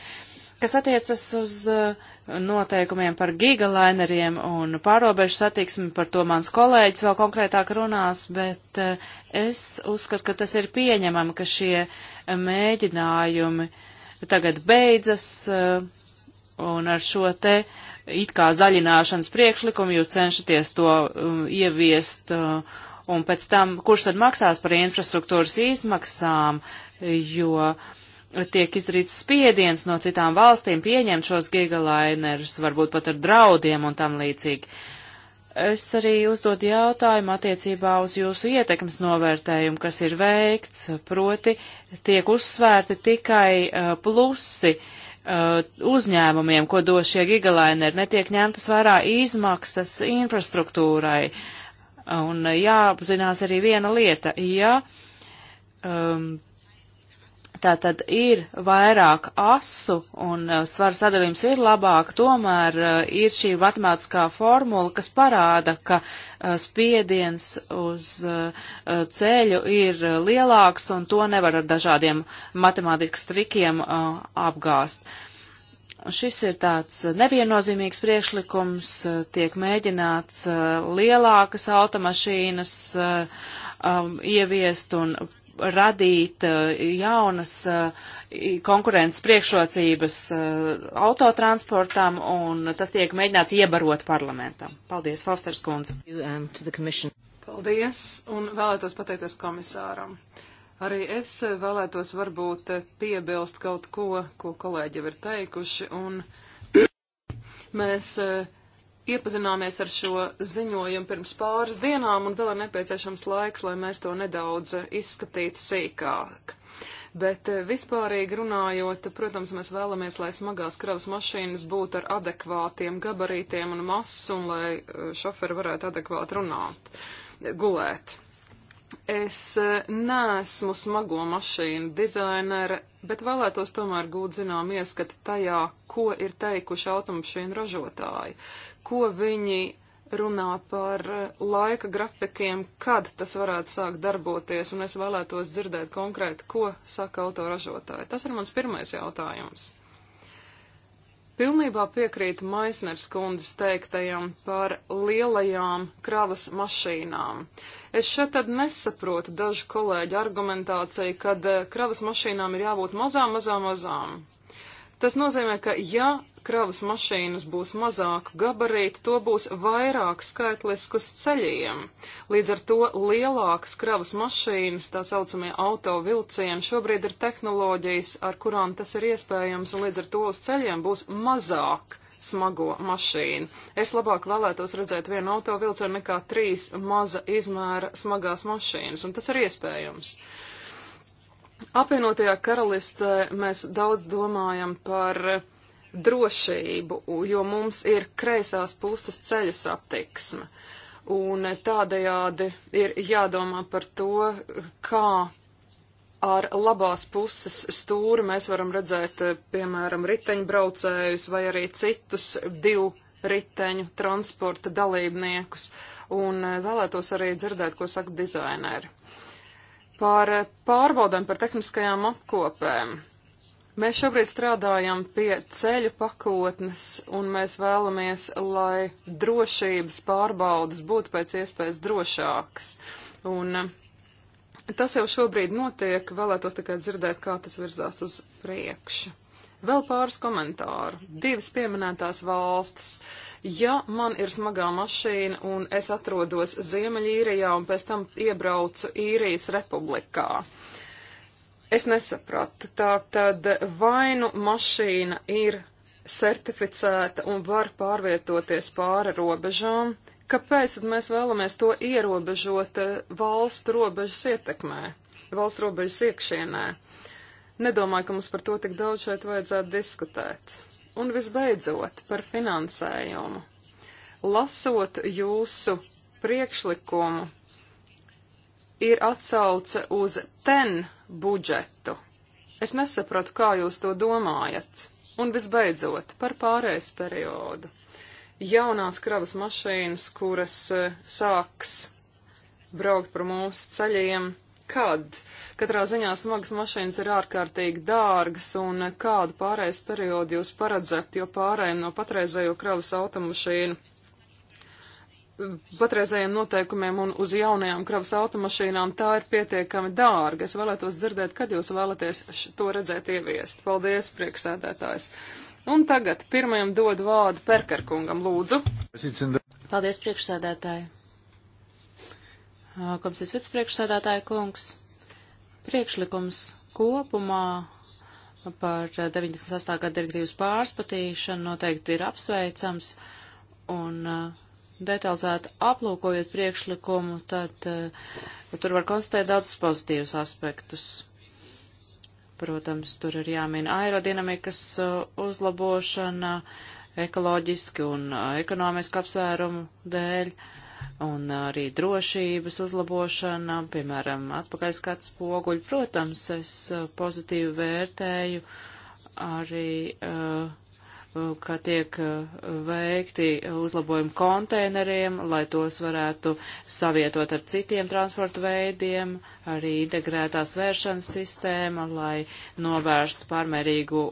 Kas attiecas uz uh, noteikumiem par gigalaineriem un pārobežu satiksmi, par to mans kolēģis vēl konkrētāk runās, bet eh, es uzskatu, ka tas ir pieņemami, ka šie mēģinājumi tagad beidzas eh, un ar šo te it kā zaļināšanas priekšlikumu jūs cenšaties to eh, ieviest un pēc tam, kurš tad maksās par infrastruktūras izmaksām, jo uh, tiek izdarīts spiediens no citām valstīm pieņemt šos gigalainerus, varbūt pat ar draudiem un tam līdzīgi. Es arī uzdodu jautājumu attiecībā uz jūsu ietekmes novērtējumu, kas ir veikts, proti tiek uzsvērti tikai uh, plusi uh, uzņēmumiem, ko dos šie gigalaineri, netiek ņemtas vērā izmaksas infrastruktūrai. Un uh, jāapzinās arī viena lieta, ja um, Tātad ir vairāk asu un uh, svara sadalījums ir labāk, tomēr uh, ir šī matemātiskā formula, kas parāda, ka uh, spiediens uz ceļu ir lielāks un to nevar ar dažādiem matemātikas trikiem apgāst. Šis ir tāds neviennozīmīgs priekšlikums, tiek mēģināts lielākas automašīnas um, ieviest un radīt uh, jaunas uh, konkurences priekšrocības uh, autotransportam, un tas tiek mēģināts iebarot parlamentam. Paldies, Fosters kundze. Um, Paldies, un vēlētos pateikties komisāram. Arī es vēlētos varbūt piebilst kaut ko, ko kolēģi jau ir teikuši, un mēs uh, iepazināmies ar šo ziņojumu pirms pāris dienām, un vēl ir nepieciešams laiks, lai mēs to nedaudz izskatītu sīkāk. Bet eh, vispārīgi runājot, protams, mēs vēlamies, lai smagās kravas mašīnas būtu ar adekvātiem gabarītiem un masu, un lai eh, šoferi varētu adekvāti runāt, gulēt. Es eh, neesmu smago mašīnu dizainere, bet vēlētos tomēr gūt zinām ieskatu tajā, ko ir teikuši automašīnu ražotāji, ko viņi runā par eh, laika grafikiem, kad tas varētu sākt darboties, un es vēlētos dzirdēt konkrēti, ko saka autoražotāji. Tas ir mans pirmais jautājums. Pilnībā piekrīt Maisners kundzes teiktajam par lielajām kravas mašīnām. Es šeit tad nesaprotu dažu kolēģu argumentāciju, kad eh, kravas mašīnām ir jābūt mazām, mazām, mazām. Tas nozīmē, ka ja kravas mašīnas būs mazāku gabarītu, to būs vairāk skaitliski uz ceļiem. Līdz ar to lielākas kravas mašīnas, tā saucamie autovilcieni, šobrīd ir tehnoloģijas, ar kurām tas ir iespējams, un līdz ar to uz ceļiem būs mazāk smago mašīnu. Es labāk vēlētos redzēt vienu autovilcienu nekā trīs maza izmēra smagās mašīnas, un tas ir iespējams. Apvienotajā karalistē mēs daudz domājam par drošību, jo mums ir kreisās puses ceļa satiksme. Un tādējādi ir jādomā par to, kā ar labās puses stūri mēs varam redzēt, piemēram, riteņbraucējus vai arī citus divu riteņu transporta dalībniekus. Un vēlētos arī dzirdēt, ko saka dizaineri. Uh, Par pārbaudēm, par tehniskajām apkopēm. Mēs šobrīd strādājam pie ceļu pakotnes, un mēs vēlamies, lai drošības pārbaudas būtu pēc iespējas drošākas. Un eh, tas jau šobrīd notiek, vēlētos tikai dzirdēt, kā tas virzās uz priekšu. Vēl pāris komentāru. Divas pieminētās valstis. Ja man ir smagā mašīna un es atrodos Ziemeļīrijā un pēc tam iebraucu īrijas republikā, es nesapratu. Tā tad vainu mašīna ir certificēta un var pārvietoties pāri robežām. Kāpēc tad mēs vēlamies to ierobežot eh, valstu robežas ietekmē, valstu robežas iekšienē? Uh, Nedomāju, ka mums par to tik daudz šeit vajadzētu diskutēt. Un visbeidzot, par finansējumu. Lasot jūsu priekšlikumu, ir atsauce uz ten budžetu. Es nesapratu, kā jūs to domājat. Un visbeidzot, par pārējais periodu. Jaunās kravas mašīnas, kuras eh, sāks braukt par mūsu ceļiem, kad. Katrā ziņā smagas mašīnas ir ārkārtīgi dārgas, un kādu pārējais periodu jūs paredzat, jo pārējiem no patreizējo kravas automašīnu patreizējiem noteikumiem un uz jaunajām kravas automašīnām tā ir pietiekami dārga. Es vēlētos dzirdēt, kad jūs vēlaties to redzēt ieviest. Paldies, priekšsēdētājs. Un tagad pirmajam dodu vārdu Perkerkungam, lūdzu. Paldies, priekšsēdētāji. Uh, komisijas vicepriekšsēdētāja kungs. Priekšlikums kopumā par 98. Uh, gada direktīvas pārskatīšanu noteikti ir apsveicams un uh, detalizēti aplūkojot priekšlikumu, tad tur var konstatēt daudzus pozitīvus aspektus. Protams, tur ir jāmina aerodinamikas uzlabošana ekoloģiski un ekonomiski apsvērumu dēļ. Uh, un arī drošības uzlabošana, piemēram, atpakaļskats poguļi. Protams, es eh, pozitīvi vērtēju arī uh, ka tiek eh, veikti uzlabojumi konteineriem, lai tos varētu savietot ar citiem transporta veidiem, arī integrētā svēršanas sistēma, lai novērstu pārmērīgu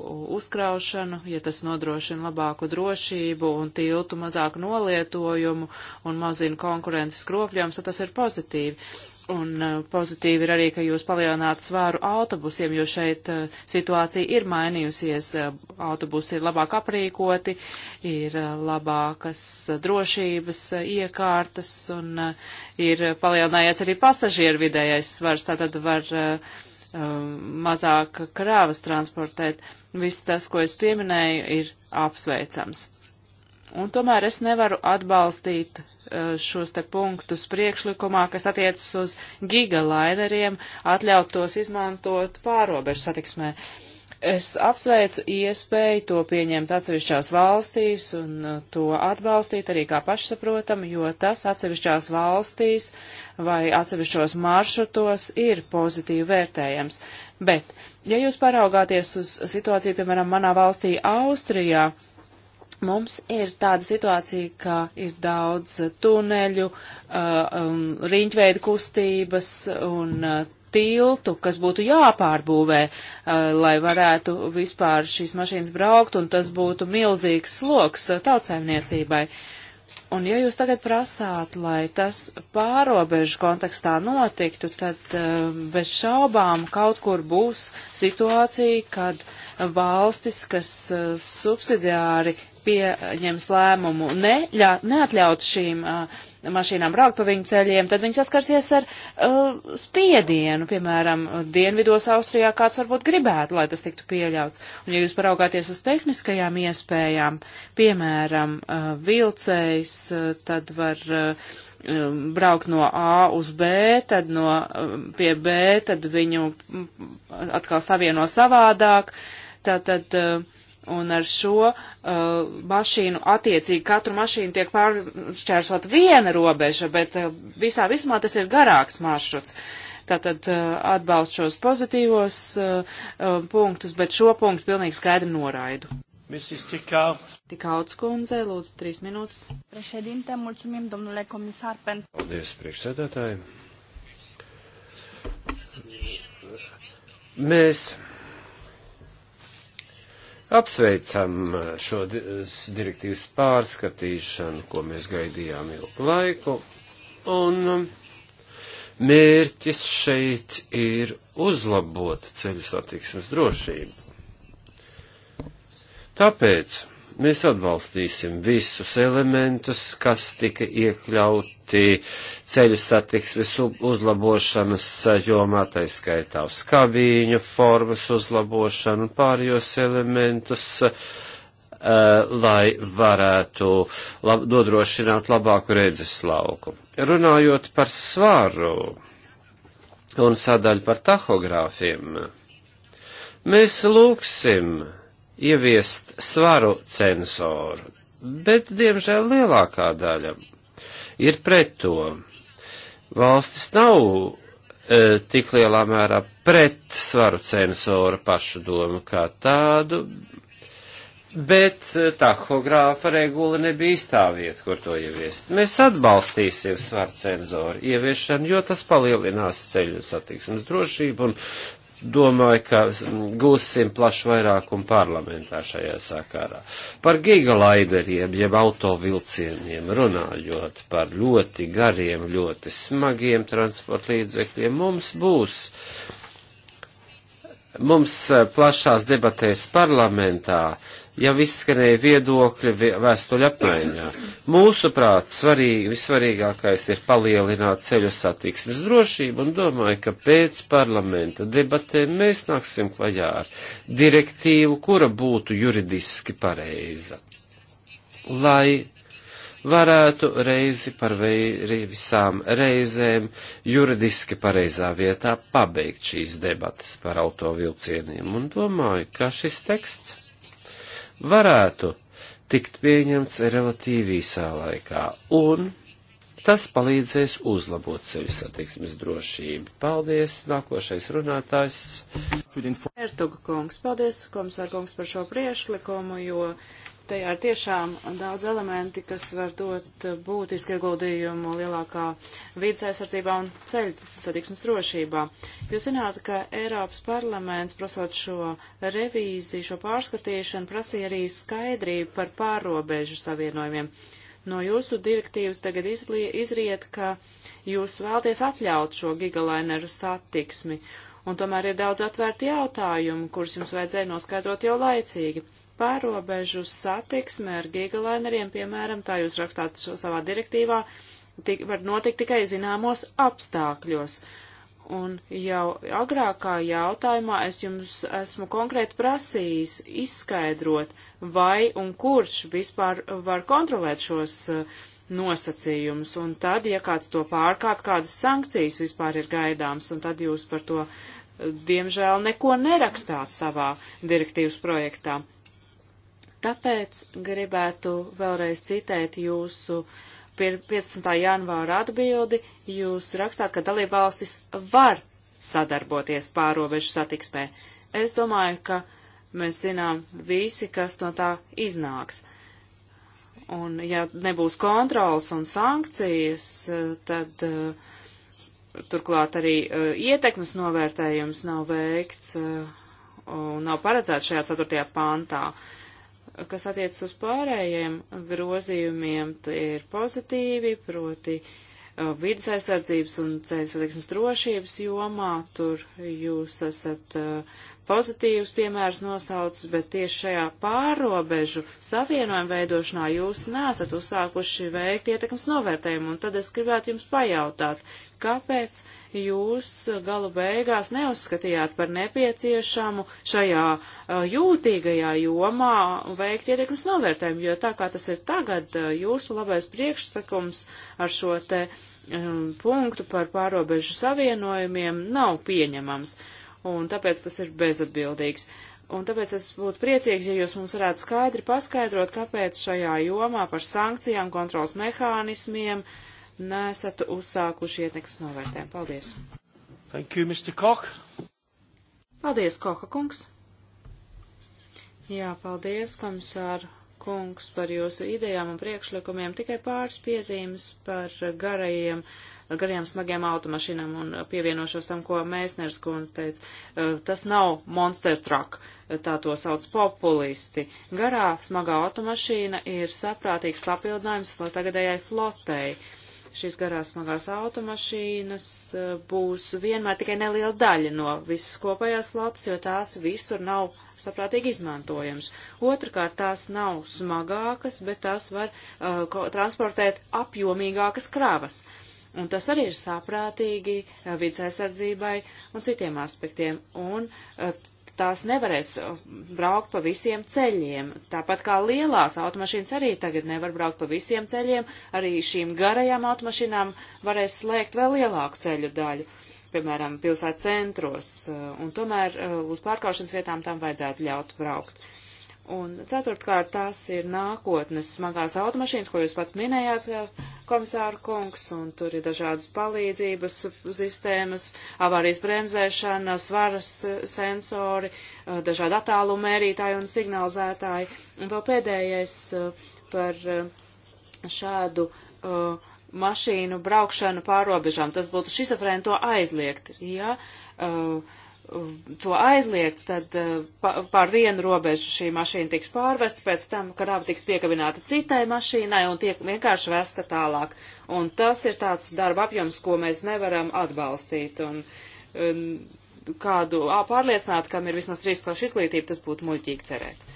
uzkraušanu, ja tas nodrošina labāku drošību un tiltu mazāku nolietojumu un mazina konkurences skropļojums, tad tas ir pozitīvi. Un eh, pozitīvi ir arī, ka jūs palielināt svāru autobusiem, jo šeit eh, situācija ir mainījusies. Eh, autobusi ir labāk aprīkoti, ir labākas drošības iekārtas un ir palielinājies arī pasažieru vidējais svars, tātad var mazāk krāvas transportēt. Viss tas, ko es pieminēju, ir apsveicams. Un tomēr es nevaru atbalstīt Eh, šos te punktus priekšlikumā, kas attiecas uz gigalaineriem, atļaut tos izmantot pārobežu satiksmē. Es apsveicu iespēju to pieņemt atsevišķās valstīs un eh, to atbalstīt arī kā pašsaprotam, jo tas atsevišķās valstīs vai atsevišķos maršrutos ir pozitīvi vērtējams. Bet, ja jūs paraugāties uz situāciju, piemēram, manā valstī Austrijā, uh, Mums ir tāda situācija, ka ir daudz tuneļu, uh, um, riņķveidu kustības un uh, tiltu, kas būtu jāpārbūvē, uh, lai varētu vispār šīs mašīnas braukt, un tas būtu milzīgs sloks tautsēmniecībai. Un ja jūs tagad prasāt, lai tas pārobežu kontekstā notiktu, tad bez šaubām kaut kur būs situācija, kad valstis, kas subsidiāri pieņems lēmumu neļa, neatļaut šīm uh, mašīnām braukt pa viņu ceļiem, tad viņi saskarsies ar uh, spiedienu. Piemēram, dienvidos Austrijā kāds varbūt gribētu, lai tas tiktu pieļauts. Un ja jūs paraugāties uz tehniskajām iespējām, piemēram, uh, vilcējs, uh, tad var. Uh, braukt no A uz B, tad no um, pie B, tad viņu atkal savieno savādāk. Tātad uh, Un ar šo uh, mašīnu attiecīgi katru mašīnu tiek pāršķērsot viena robeža, bet uh, visā vismā tas ir garāks maršruts. Tātad uh, atbalst šos pozitīvos uh, uh, punktus, bet šo punktu pilnīgi skaidri noraidu. Mrs. Tikau. Tikauts kundze, lūdzu, trīs minūtes. Prešedinte, mulțumim, domnule komisār, pentru. Paldies, priekšsēdētāji. Mēs Apsveicam šo direktīvas pārskatīšanu, ko mēs gaidījām ilgu laiku, un um, mērķis šeit ir uzlabot ceļu satiksmes drošību. Tāpēc Mēs atbalstīsim visus elementus, kas tika iekļauti ceļu satiksmes uzlabošanas jomā, tā skaitā uz kabīņu formas uzlabošanu un pārējos elementus, eh, lai varētu lab nodrošināt labāku redzes lauku. Runājot par svāru un sadaļu par tahogrāfiem, mēs lūksim ieviest svaru censoru, bet, diemžēl, lielākā daļa ir pret to. Valstis nav e, tik lielā mērā pret svaru censoru pašu domu kā tādu, bet tahogrāfa regula nebija īstā vieta, kur to ieviest. Mēs atbalstīsim svaru cenzoru ieviešanu, jo tas palielinās ceļu satiksmes drošību un domāju, ka gūsim plašu vairākumu parlamentā šajā sakarā. Par gigalaideriem, jeb autovilcieniem runājot, par ļoti gariem, ļoti smagiem transporta līdzekļiem, mums būs. Mums eh, plašās debatēs parlamentā uh, jau izskanēja viedokļi vēstuļa apmaiņā. Mūsuprāt, svarīgi, vissvarīgākais ir palielināt ceļu satiksmes drošību un domāju, ka pēc parlamenta debatēm mēs nāksim klajā ar direktīvu, kura būtu juridiski pareiza. Lai varētu reizi par vei, visām reizēm juridiski pareizā vietā pabeigt šīs debatas par autovilcieniem. Un domāju, ka šis teksts varētu tikt pieņemts relatīvi īsā laikā, un tas palīdzēs uzlabot ceļu satiksmes drošību. Paldies, nākošais runātājs. Ertuga kungs, paldies, komisār kungs, par šo priešlikumu, jo Tajā ir tiešām daudz elementi, kas var dot būtisku ieguldījumu lielākā vidas aizsardzībā un ceļu satiksmes drošībā. Jūs zināt, ka Eiropas parlaments, prasot šo revīziju, šo pārskatīšanu, prasīja arī skaidrību par pārobežu savienojumiem. No jūsu direktīvas tagad izriet, ka jūs vēlties atļaut šo gigalaineru satiksmi, un tomēr ir daudz atvērti jautājumi, kurus jums vajadzēja noskaidrot jau laicīgi pārobežu satiksme ar gigalaineriem, piemēram, tā jūs rakstāt šo savā direktīvā, tik, var notikt tikai zināmos apstākļos. Un jau agrākā jautājumā es jums esmu konkrēti prasījis izskaidrot, vai un kurš vispār var kontrolēt šos uh, nosacījumus, un tad, ja kāds to pārkāp, kādas sankcijas vispār ir gaidāms, un tad jūs par to, uh, diemžēl, neko nerakstāt savā direktīvas projektā. Tāpēc gribētu vēlreiz citēt jūsu 15. janvāra atbildi. Jūs rakstāt, ka dalībvalstis var sadarboties pārobežu satiksmē. Es domāju, ka mēs zinām visi, kas no tā iznāks. Un ja nebūs kontrols un sankcijas, tad eh, turklāt arī eh, ietekmes novērtējums nav veikts eh, un nav paredzēts šajā ceturtajā pantā. Uh, kas attiec uz pārējiem grozījumiem, tie ir pozitīvi, proti uh, vidas aizsardzības un ceļu satiksmes drošības jomā, tur jūs esat uh, pozitīvs piemērs nosaucis, bet tieši šajā pārobežu savienojuma veidošanā jūs nesat uzsākuši veikt ietekmes novērtējumu, un tad es gribētu jums pajautāt, Kāpēc jūs galu beigās neuzskatījāt par nepieciešamu šajā uh, jūtīgajā jomā veikt ietekmes novērtējumu, jo tā kā tas ir tagad, uh, jūsu labais priekšsakums ar šo te um, punktu par pārobežu savienojumiem nav pieņemams, un tāpēc tas ir bezatbildīgs. Un tāpēc es būtu priecīgs, ja jūs mums varētu skaidri paskaidrot, kāpēc šajā jomā par sankcijām, kontrols mehānismiem, uh, nesat uzsākuši ietekmes novērtējumu. Paldies! Thank you, Mr. Koch! Paldies, Koha kungs! Jā, paldies, komisār kungs, par jūsu idejām un priekšlikumiem. Tikai pāris piezīmes par garajiem gariem smagiem automašīnām un pievienošos tam, ko Mēsners kundze teica. Eh, tas nav monster truck, eh, tā to sauc populisti. Garā smagā automašīna ir saprātīgs papildinājums tagadējai flotei šīs garās smagās automašīnas e, būs vienmēr tikai neliela daļa no visas kopējās flotas, jo tās visur nav saprātīgi izmantojams. Otrakārt, tās nav smagākas, bet tās var uh, transportēt apjomīgākas kravas. Un tas arī ir saprātīgi e, vidas aizsardzībai un citiem aspektiem. Un uh, tās nevarēs uh, braukt pa visiem ceļiem. Tāpat kā lielās automašīnas arī tagad nevar braukt pa visiem ceļiem, arī šīm garajām automašīnām varēs slēgt vēl lielāku ceļu daļu, piemēram, pilsēt centros, uh, un tomēr uh, uz pārkaušanas vietām tam vajadzētu ļaut braukt. Un ceturtkārt, tās ir nākotnes smagās automašīnas, ko jūs pats minējāt, komisāra kungs, un tur ir dažādas palīdzības sistēmas, avārijas bremzēšana, svaras eh, sensori, eh, dažādi attālumu mērītāji un signalizētāji. Un vēl pēdējais eh, par šādu uh, mašīnu braukšanu pārobežām. Tas būtu šizofrēni to aizliegt, ja uh, to aizliegts, tad eh, pār vienu robežu šī mašīna tiks pārvesta, pēc tam krava tiks piekabināta citai mašīnai un tiek vienkārši vesta tālāk. Un tas ir tāds darba apjoms, ko mēs nevaram atbalstīt. Un, un kādu pārliecināt, kam ir vismaz trīs klašu izglītība, tas būtu muļķīgi cerēt.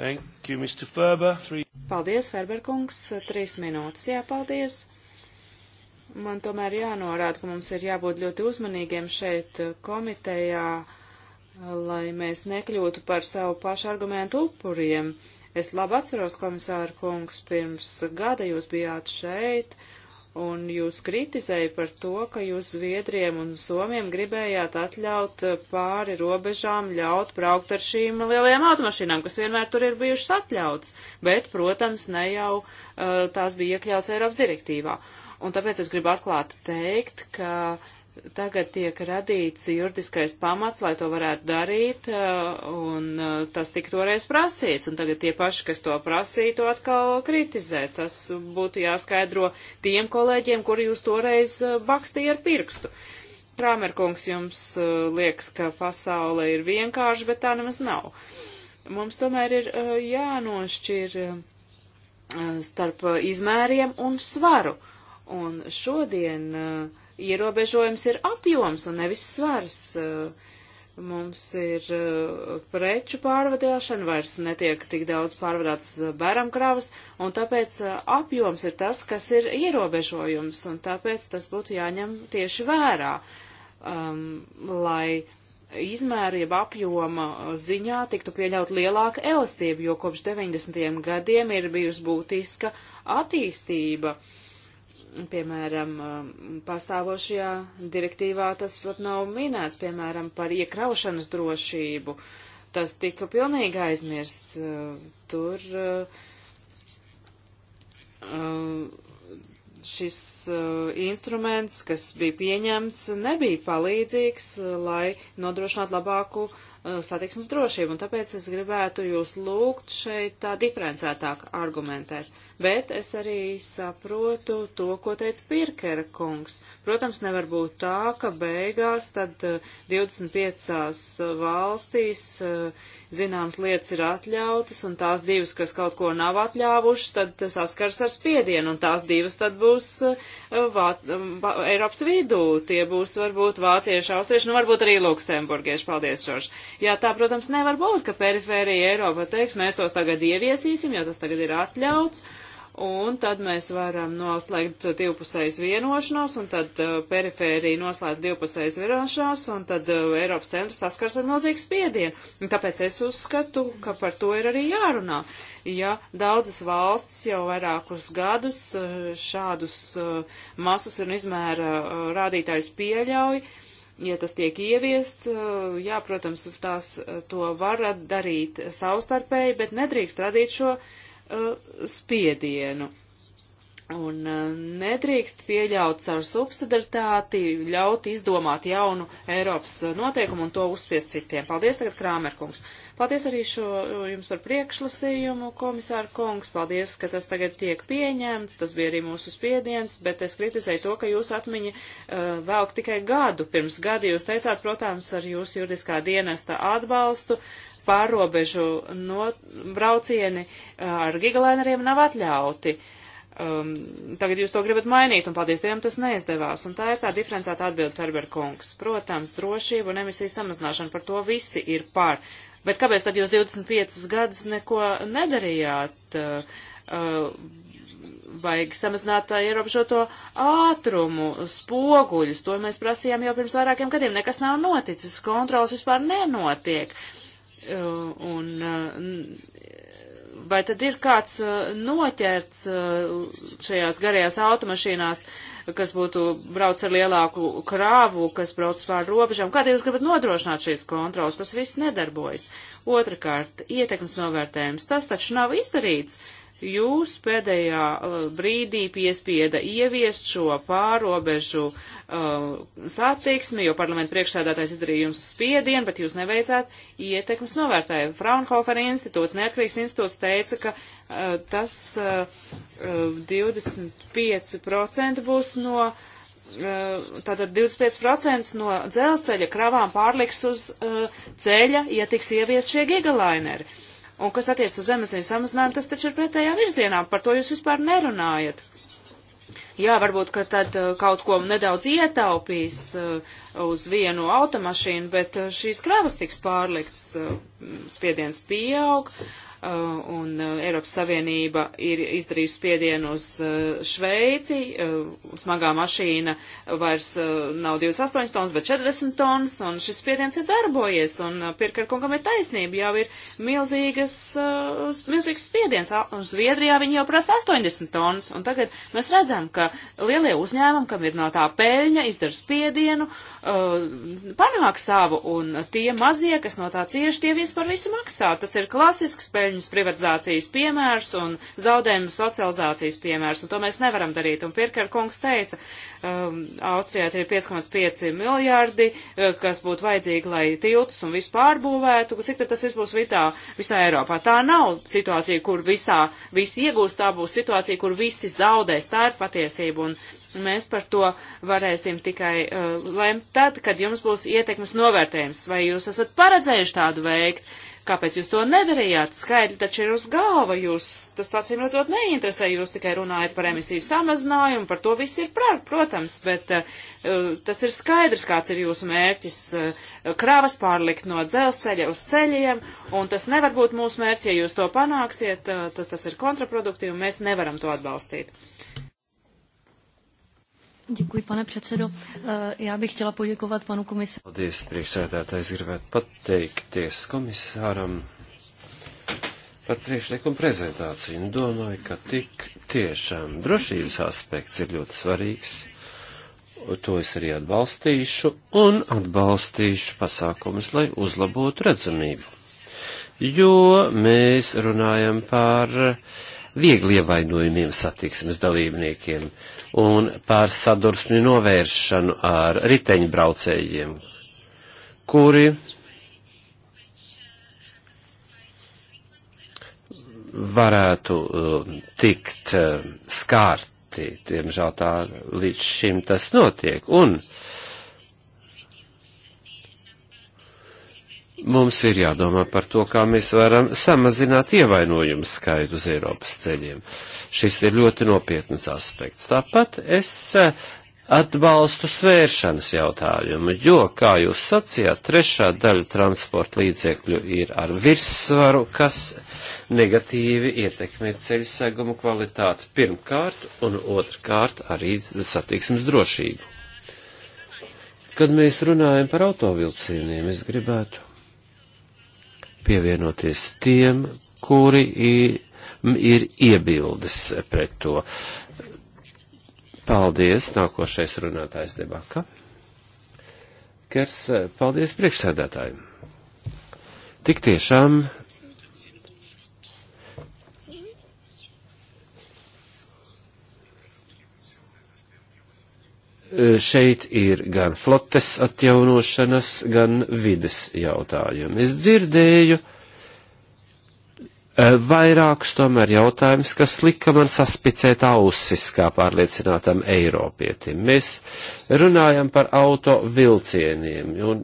Thank you, Mr. Ferber. Three... Paldies, Ferberkungs. Trīs minūtes. Jā, paldies. Man tomēr jānorāda, ka mums ir jābūt ļoti uzmanīgiem šeit eh, komitejā, lai mēs nekļūtu par savu pašu argumentu upuriem. Es labi atceros, komisāra kungs, pirms gada jūs bijāt šeit, un jūs kritizēja par to, ka jūs Zviedriem un Somiem gribējāt atļaut eh, pāri robežām ļaut braukt ar šīm lielajām automašīnām, kas vienmēr tur ir bijušas atļautas, bet, protams, ne jau uh, tās bija iekļauts Eiropas direktīvā. Uh, Un tāpēc es gribu atklāt teikt, ka tagad tiek radīts juridiskais pamats, lai to varētu darīt, uh, un uh, tas tik toreiz prasīts, un tagad tie paši, kas to prasīja, to atkal kritizē. Tas būtu jāskaidro tiem kolēģiem, kuri jūs toreiz uh, bakstīja ar pirkstu. Krāmerkungs jums liekas, ka pasaule ir vienkārša, bet tā nemaz nav. Mums tomēr ir jānošķir starp izmēriem un svaru. Uh, Un šodien uh, ierobežojums ir apjoms un nevis svars. Uh, mums ir uh, preču pārvadāšana, vairs netiek tik daudz pārvadāts uh, bērnamkravas, un tāpēc uh, apjoms ir tas, kas ir ierobežojums, un tāpēc tas būtu jāņem tieši vērā, um, lai izmēra jeb apjoma ziņā tiktu pieļaut lielāka elastība, jo kopš 90. gadiem ir bijusi būtiska attīstība. Uh, Piemēram, um, pastāvošajā direktīvā tas pat nav minēts, piemēram, par iekraušanas drošību. Tas tika pilnīgi aizmirsts. Uh, tur uh, uh, šis instruments, kas bija pieņemts, nebija palīdzīgs, lai nodrošinātu labāku uh, Uh, satiksmes drošību, un tāpēc es gribētu jūs lūgt šeit tā diferencētāk argumentēt. Bet es arī saprotu to, ko teica Pirkera kungs. Protams, nevar būt tā, ka beigās tad 25 uh, uh, valstīs zināmas lietas ir atļautas, un tās divas, kas kaut ko nav atļāvušas, tad saskars ar spiedienu, un tās divas tad būs vā, um, vā, Eiropas vidū. Tie būs varbūt vācieši, austrieši, nu varbūt arī luksemburgieši. Paldies, Žorž. Jā, tā, protams, nevar būt, ka perifērija Eiropa teiks, mēs tos tagad ieviesīsim, jo tas tagad ir atļauts. Un tad mēs varam noslēgt divpusējas vienošanos, un tad uh, perifērija noslēdz divpusējas vienošanās, un tad uh, Eiropas centrs saskars ar milzīgu spiedienu. Un tāpēc es uzskatu, ka par to ir arī jārunā. Ja daudzas valstis jau vairākus gadus uh, šādus uh, masas un izmēra uh, rādītājus pieļauj, uh, ja tas tiek ieviests, eh, jā, protams, tās eh, to var darīt savstarpēji, bet nedrīkst radīt šo uh, spiedienu. Un uh, nedrīkst pieļaut caur subsidaritāti, ļaut izdomāt jaunu Eiropas noteikumu un to uzspiest citiem. Paldies, tagad Krāmerkungs. Uh, Paldies arī šo, jums par priekšlasījumu, komisāra kungs. Paldies, ka tas tagad tiek pieņemts. Tas bija arī mūsu spiediens, bet es kritizēju to, ka jūs atmiņa uh, velk tikai gadu. Pirms gada jūs teicāt, protams, ar jūsu juridiskā dienesta atbalstu pārobežu no, braucieni uh, ar gigalaineriem nav atļauti. Uh, um, tagad jūs to gribat mainīt, un paldies Dievam, tas neizdevās. Un tā ir tā diferencēta atbilde, Ferber kungs. Protams, drošība un emisijas samazināšana par to visi ir par. Bet kāpēc tad jūs 25 gadus neko nedarījāt? Eh, eh, vajag samazināt eh, ierobežoto ātrumu, spoguļus. To mēs prasījām jau pirms vairākiem gadiem. Nekas nav noticis. Kontrols vispār nenotiek. Un vai tad ir kāds uh, noķerts uh, šajās garajās automašīnās, kas būtu brauc ar lielāku krāvu, kas brauc pār robežām? Kādēļ jūs gribat nodrošināt šīs kontrolas? Tas viss nedarbojas. Otrakārt, ietekmes novērtējums. Tas taču nav izdarīts. Jūs pēdējā uh, brīdī piespieda ieviest šo pārobežu uh, satiksmi, jo parlamenta priekšsēdātājs izdarīja jums spiedienu, bet jūs neveicāt ietekmes novērtējumu. Fraunhofer institūts, neatkarīgs institūts teica, ka uh, tas uh, 25% uh, būs no uh, tātad 25% no dzelzceļa kravām pārliks uz uh, ceļa, ja tiks ieviest šie gigalaineri. Un kas attiec uz emisiju samazinājumu, tas taču ir pretējā virzienā, par to jūs vispār nerunājat. Jā, varbūt, ka tad uh, kaut ko nedaudz ietaupīs uh, uz vienu automašīnu, bet uh, šīs kravas tiks pārlikts, spiediens pieaug, Uh, un uh, Eiropas Savienība ir izdarījusi spiedienu uz uh, Šveici. Smagā mašīna vairs nav 28 tonnas, bet 40 tonnas, un šis spiediens ir darbojies, un Pirkar kungam ir taisnība, jau ir milzīgas, milzīgs spiediens, un Zviedrijā viņi jau prasa 80 tonnas, un tagad mēs redzam, ka lielie uzņēmumi, kam ir no tā peļņa, izdara spiedienu, panāk savu, un tie mazie, kas no tā cieši, tie vispār visu maksā. Tas ir klasisks peļņa peļņas privatizācijas piemērs un zaudējumu socializācijas piemērs, un to mēs nevaram darīt. Un Pirker kungs teica, um, Austrijā ir 5,5 miljārdi, uh, kas būtu vajadzīgi, lai tiltus un visu pārbūvētu, cik tad tas viss būs vitā, visā Eiropā. Tā nav situācija, kur visā visi iegūst, tā būs situācija, kur visi zaudēs. Tā ir patiesība, un mēs par to varēsim tikai uh, lemt tad, kad jums būs ietekmes novērtējums, vai jūs esat paredzējuši tādu veikt, Kāpēc jūs to nedarījāt? Skaidri taču ir uz galva, jūs tas acīm redzot neinteresē, jūs tikai runājat par emisiju samazinājumu, par to viss ir prāt, protams, bet uh, tas ir skaidrs, kāds ir jūsu mērķis uh, kravas pārlikt no dzelzceļa uz ceļiem, un tas nevar būt mūsu mērķis, ja jūs to panāksiet, uh, tad tas ir kontraproduktīvi, un mēs nevaram to atbalstīt. Děkuji, pane předsedo. Eh, já bych chtěla poděkovat panu komisáru. Paldies, priekšsēdētājs gribētu pateikties komisāram par priekšlikumu prezentāciju. Un nu, domāju, ka tik tiešām drošības aspekts ir ļoti svarīgs. To es arī atbalstīšu un atbalstīšu pasākumus, lai uzlabotu redzamību. Jo mēs runājam par uh, viegli ievainojumiem satiksmes dalībniekiem un par sadursmi novēršanu ar riteņbraucējiem, kuri varētu um, tikt um, skārti. Diemžēl tā līdz šim tas notiek. Un uh, Mums ir jādomā par to, kā mēs varam samazināt ievainojumu skaitu uz Eiropas ceļiem. Šis ir ļoti nopietnas aspekts. Tāpat es eh, atbalstu svēršanas jautājumu, jo, kā jūs sacījāt, trešā daļa transporta līdzekļu ir ar virssvaru, kas negatīvi ietekmē ceļu segumu kvalitāti pirmkārt un otrkārt arī satiksmes drošību. Kad mēs runājam par autovilcieniem, es gribētu pievienoties tiem, kuri ir, ir iebildes pret to. Paldies, nākošais runātājs debaka. Kers, paldies priekšsēdētājiem. Tik tiešām E, šeit ir gan flotes atjaunošanas, gan vides jautājumi. Es dzirdēju e, vairākus tomēr jautājumus, kas lika man saspicēt ausis kā pārliecinātam eiropietim. Mēs runājam par auto vilcieniem, un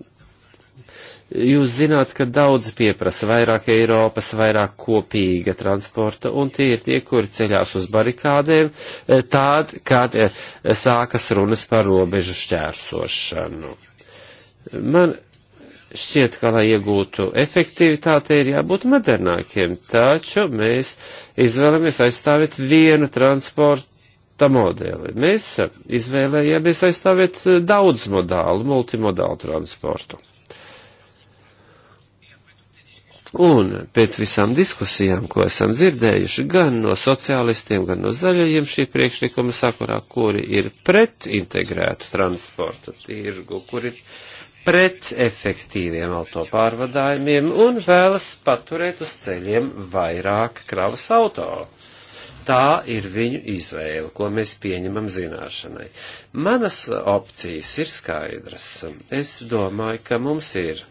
Jūs zināt, ka daudzi pieprasa vairāk Eiropas, vairāk kopīga transporta, un tie ir tie, kuri ceļās uz barikādēm, e, tād, kad e, sākas runas par robežu šķērsošanu. Man šķiet, ka, lai iegūtu efektivitāti, ir jābūt modernākiem, taču mēs izvēlamies aizstāvēt vienu transporta modeli. Mēs izvēlējāmies aizstāvēt daudz modālu, multimodālu transportu. Un pēc visām diskusijām, ko esam dzirdējuši gan no sociālistiem, gan no zaļajiem šī priekšlikuma sakurā, kuri ir pret integrētu transporta tirgu, kur ir pret efektīviem autopārvadājumiem un vēlas paturēt uz ceļiem vairāk kravas auto. Tā ir viņu izvēle, ko mēs pieņemam zināšanai. Manas opcijas ir skaidras. Es domāju, ka mums ir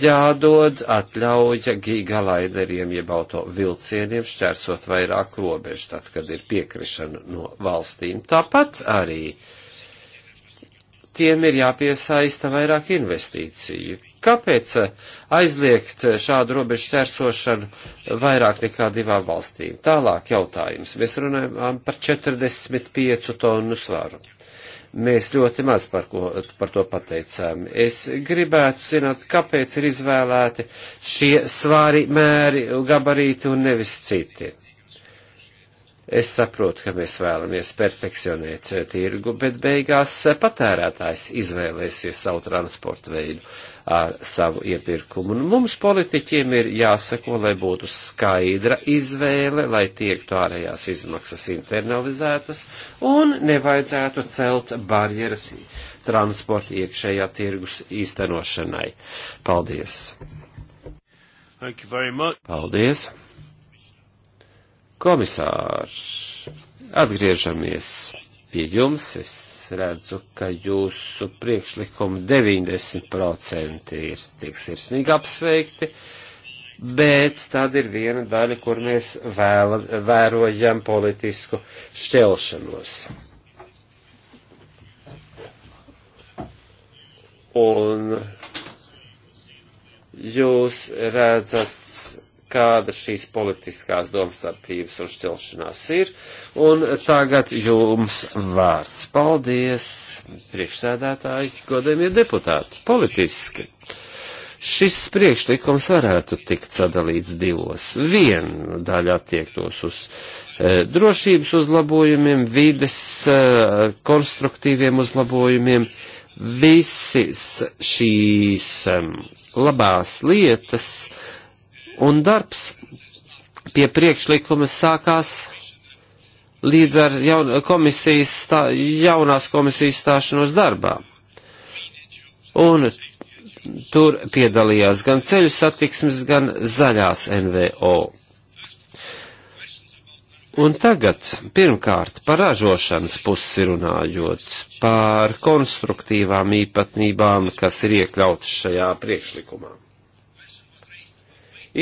jādod atļauja gigalaideriem jeb auto vilcieniem šķērsot vairāk robežu, tad, kad ir piekrišana no valstīm. Tāpat arī tiem ir jāpiesaista vairāk investīciju. Kāpēc eh, aizliegt šādu robežu čērsošanu vairāk nekā divām valstīm? Tālāk jautājums. Mēs runājam par 45 tonu svaru. Mēs ļoti maz par, ko, par to pateicām. Es gribētu zināt, kāpēc ir izvēlēti šie svāri, mēri, gabarīti un nevis citi. Es saprotu, ka mēs vēlamies perfekcionēt eh, tirgu, bet beigās eh, patērētājs izvēlēsies savu transportu veidu ar savu iepirkumu. Un nu, mums politiķiem ir jāsako, lai būtu skaidra izvēle, lai tiektu ārējās izmaksas internalizētas un nevajadzētu celt barjeras transporta iekšējā tirgus īstenošanai. Paldies! Paldies! Komisārs, atgriežamies pie jums. Es redzu, ka jūsu priekšlikumi 90% ir tiek sirsnīgi apsveikti, bet tad ir viena daļa, kur mēs vēla, vērojam politisku šķelšanos. Un jūs redzat kāda šīs politiskās domstarpības un šķelšanās ir. Un tagad jums vārds. Paldies, priekšsēdētāji, godējumie deputāti, politiski. Šis priekšlikums varētu tikt sadalīts divos. Viena daļa attiektos uz e, drošības uzlabojumiem, vides e, konstruktīviem uzlabojumiem, visas šīs e, labās lietas, e, Un darbs pie priekšlikuma sākās līdz ar jaun, komisijas stā, jaunās komisijas stāšanos darbā. Un tur piedalījās gan ceļu satiksmes, gan zaļās NVO. Un tagad, pirmkārt, par ražošanas pusi runājot, par konstruktīvām īpatnībām, kas ir iekļautas šajā priekšlikumā.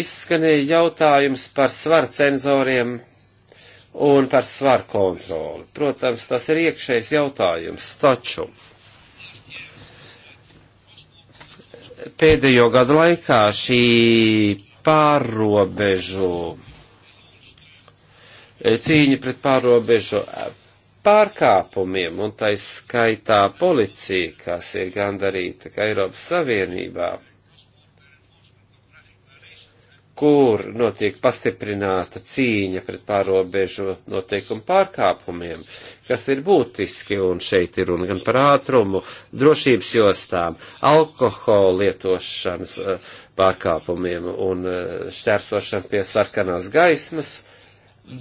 Izskanēja jautājums par svaru cenzoriem un par svaru kontroli. Protams, tas ir iekšējs jautājums, taču pēdējo gadu laikā šī pārrobežu, e, cīņa pret pārrobežu pārkāpumiem, un tā skaitā policija, kas ir gandarīta, ka Eiropas Savienībā kur notiek pastiprināta cīņa pret pārobežu noteikumu pārkāpumiem, kas ir būtiski, un šeit ir runa gan par ātrumu, drošības jostām, alkohola lietošanas eh, pārkāpumiem un eh, šķērsošanu pie sarkanās gaismas,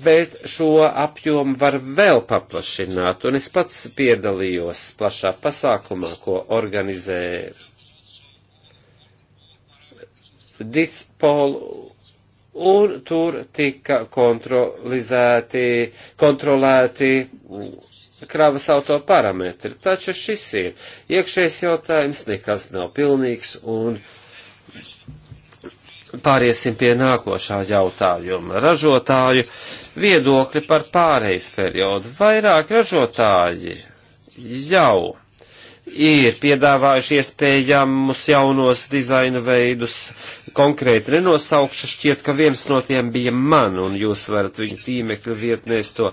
bet šo apjomu var vēl paplašināt, un es pats piedalījos plašā pasākumā, ko organizēja Dispol un tur tika kontrolēti kravas auto parametri. Taču šis ir iekšējs jautājums, nekas nav pilnīgs un pāriesim pie nākošā jautājuma. Ražotāju viedokļi par pārejas periodu. Vairāk ražotāji jau ir piedāvājuši iespējamus jaunos dizaina veidus, konkrēti nenosaukšu, šķiet, ka viens no tiem bija man, un jūs varat viņu tīmekļa vietnēs to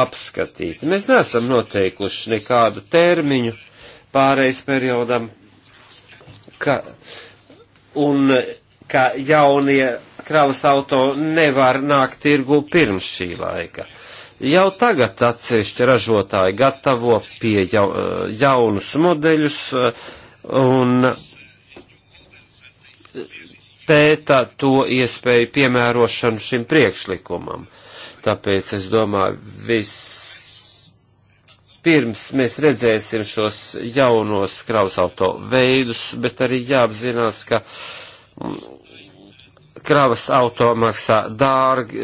apskatīt. Mēs neesam noteikuši nekādu termiņu pārejas periodam, ka, un ka jaunie kravas auto nevar nākt tirgu pirms šī laika. Jau tagad atsevišķi ražotāji gatavo pie eh, jaunus modeļus, eh, un pēta to iespēju piemērošanu šim priekšlikumam. Tāpēc es domāju, vispirms mēs redzēsim šos jaunos kravas auto veidus, bet arī jāapzinās, ka mm, kravas auto maksā dārgi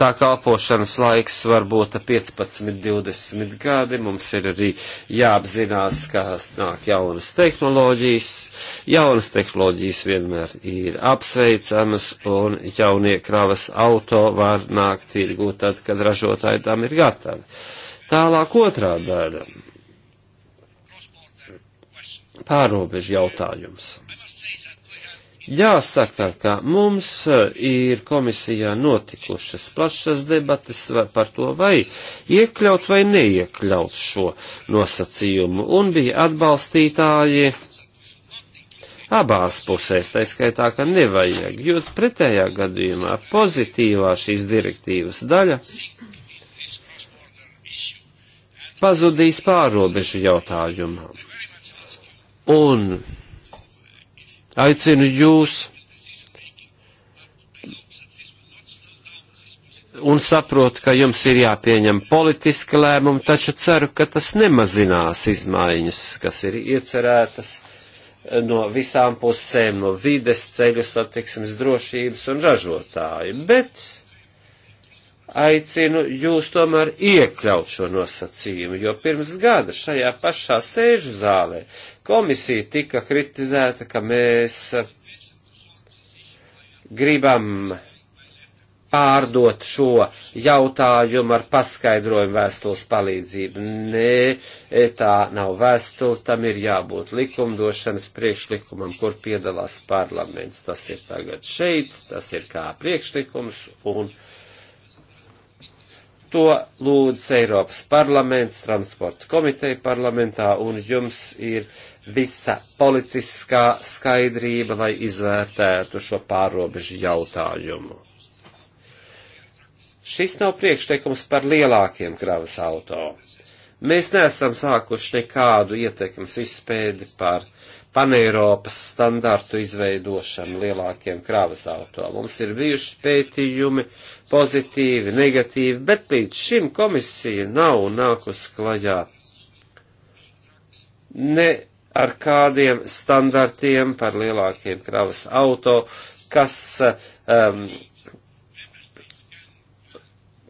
tā kalpošanas laiks var būt 15, 20 gadi, mums ir arī jāapzinās, kā nāk jaunas tehnoloģijas. Jaunas tehnoloģijas vienmēr ir apsveicamas, un jaunie kravas auto var nākt tirgū tad, kad ražotāji tam ir gatavi. Tālāk otrā daļa. Pārobežu jautājums. Jāsaka, ka mums eh, ir komisijā notikušas plašas debates par to, vai iekļaut vai neiekļaut šo nosacījumu, un bija atbalstītāji abās pusēs, tā skaitā, ka nevajag, jo pretējā gadījumā pozitīvā šīs direktīvas daļa pazudīs pārobežu jautājumā. Un aicinu jūs un saprotu, ka jums ir jāpieņem politiski lēmumi, taču ceru, ka tas nemazinās izmaiņas, kas ir iecerētas no visām pusēm, no vides ceļu satiksmes drošības un ražotāju. Bet aicinu jūs tomēr iekļaut šo nosacījumu, jo pirms gada šajā pašā sēžu zālē komisija tika kritizēta, ka mēs gribam pārdot šo jautājumu ar paskaidrojumu vēstules palīdzību. Nē, tā nav vēstule, tam ir jābūt likumdošanas priekšlikumam, kur piedalās parlaments. Tas ir tagad šeit, tas ir kā priekšlikums un. Uh, To lūdz Eiropas parlaments, transporta komiteja parlamentā, un jums ir visa politiskā skaidrība, lai izvērtētu šo pārobežu jautājumu. Šis nav priekšteikums par lielākiem kravas auto. Mēs neesam sākuši nekādu ietekmes izpēdi par uh, paneiropas standartu izveidošanu lielākiem krāvas auto. Mums ir bijuši pētījumi pozitīvi, negatīvi, bet līdz šim komisija nav nākus klajā ne ar kādiem standartiem par lielākiem kravas auto, kas um,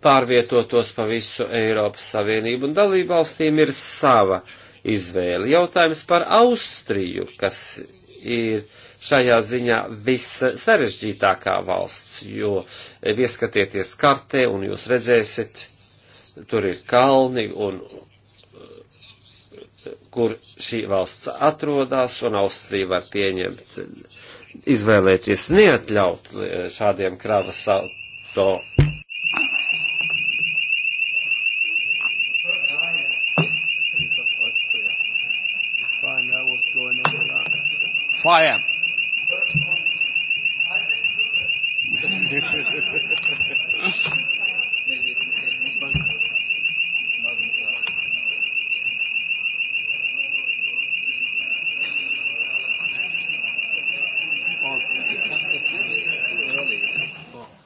pārvietotos pa visu Eiropas Savienību, un dalībvalstīm ir sava uh, izvēli. Jautājums par Austriju, kas ir šajā ziņā vissarežģītākā valsts, jo eh, ieskatieties kartē un jūs redzēsiet, tur ir kalni un eh, kur šī valsts atrodas, un Austrija var pieņemt, izvēlēties neatļaut eh, šādiem kravas auto fire.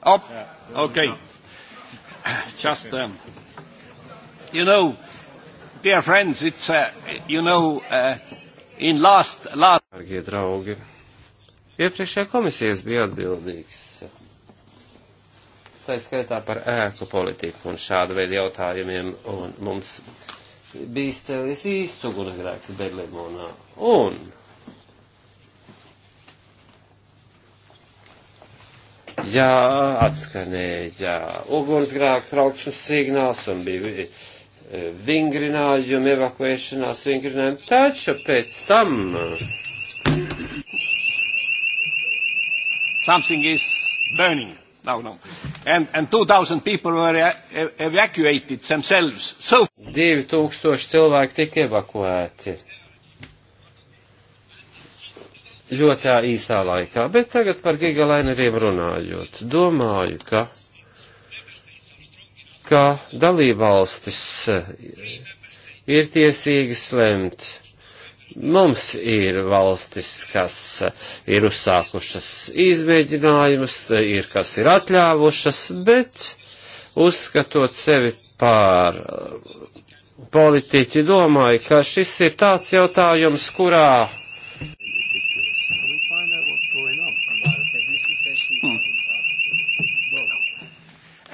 Up. Okay. Just, um, you know, dear friends, it's, uh, you know, uh, In last, last. Dargie draugi, iepriekšējā komisijas bija atbildīgs. Tā ir skaitā par ēku politiku un šādu veidu jautājumiem, un mums bija izcēlies īsts ugunsgrēks Berlimonā. Un Jā, atskanēja ugunsgrēks traukšanas signāls un bija E, vingrinājumu, evakuēšanās vingrinājumu, taču pēc tam. E, Something is burning. No, no. And, and 2000 people were e, evacuated themselves. So. 2000 cilvēki tika evakuēti. Ļoti īsā laikā, bet tagad par gigalainiem runājot. Domāju, ka ka dalībvalstis eh, ir tiesīgas lemt. Mums ir valstis, kas eh, ir uzsākušas izmēģinājumus, eh, ir kas ir atļāvušas, bet uzskatot sevi par politiķi, domāju, ka šis ir tāds jautājums, kurā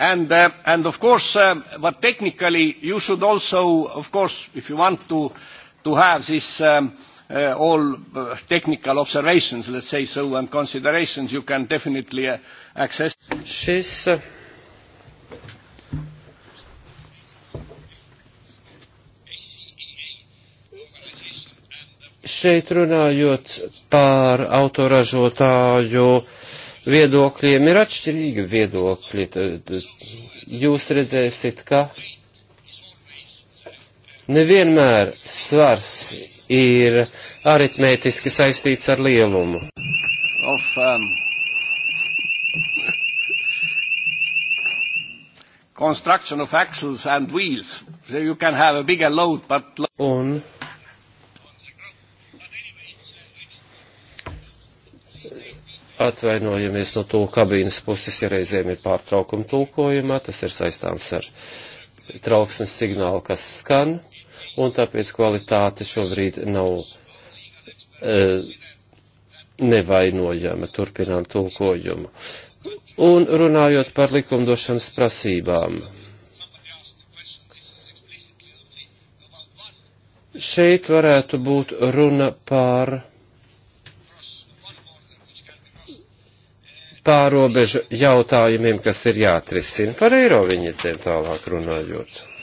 And, uh, and of course, uh, but technically, you should also, of course, if you want to, to have this um, uh, all uh, technical observations, let's say so, and considerations, you can definitely uh, access. Šis, uh... Šeit runājot par autoražotāju uh, viedokļiem ir atšķirīgi viedokļi. Jūs redzēsiet, ka nevienmēr svars ir aritmētiski saistīts ar lielumu. Of, um, construction of axles and wheels. So you can have a bigger load, but... Un Atvainojamies no to kabīnes puses, ja reizēm ir pārtraukuma tulkojumā, tas ir saistāms ar trauksmes signālu, kas skan, un tāpēc kvalitāte šobrīd nav e, nevainojama, turpinām tulkojumu. Un runājot par likumdošanas prasībām. Šeit varētu būt runa par pārobežu jautājumiem, kas ir jāatrisina par eiro viņiem tālāk runājot.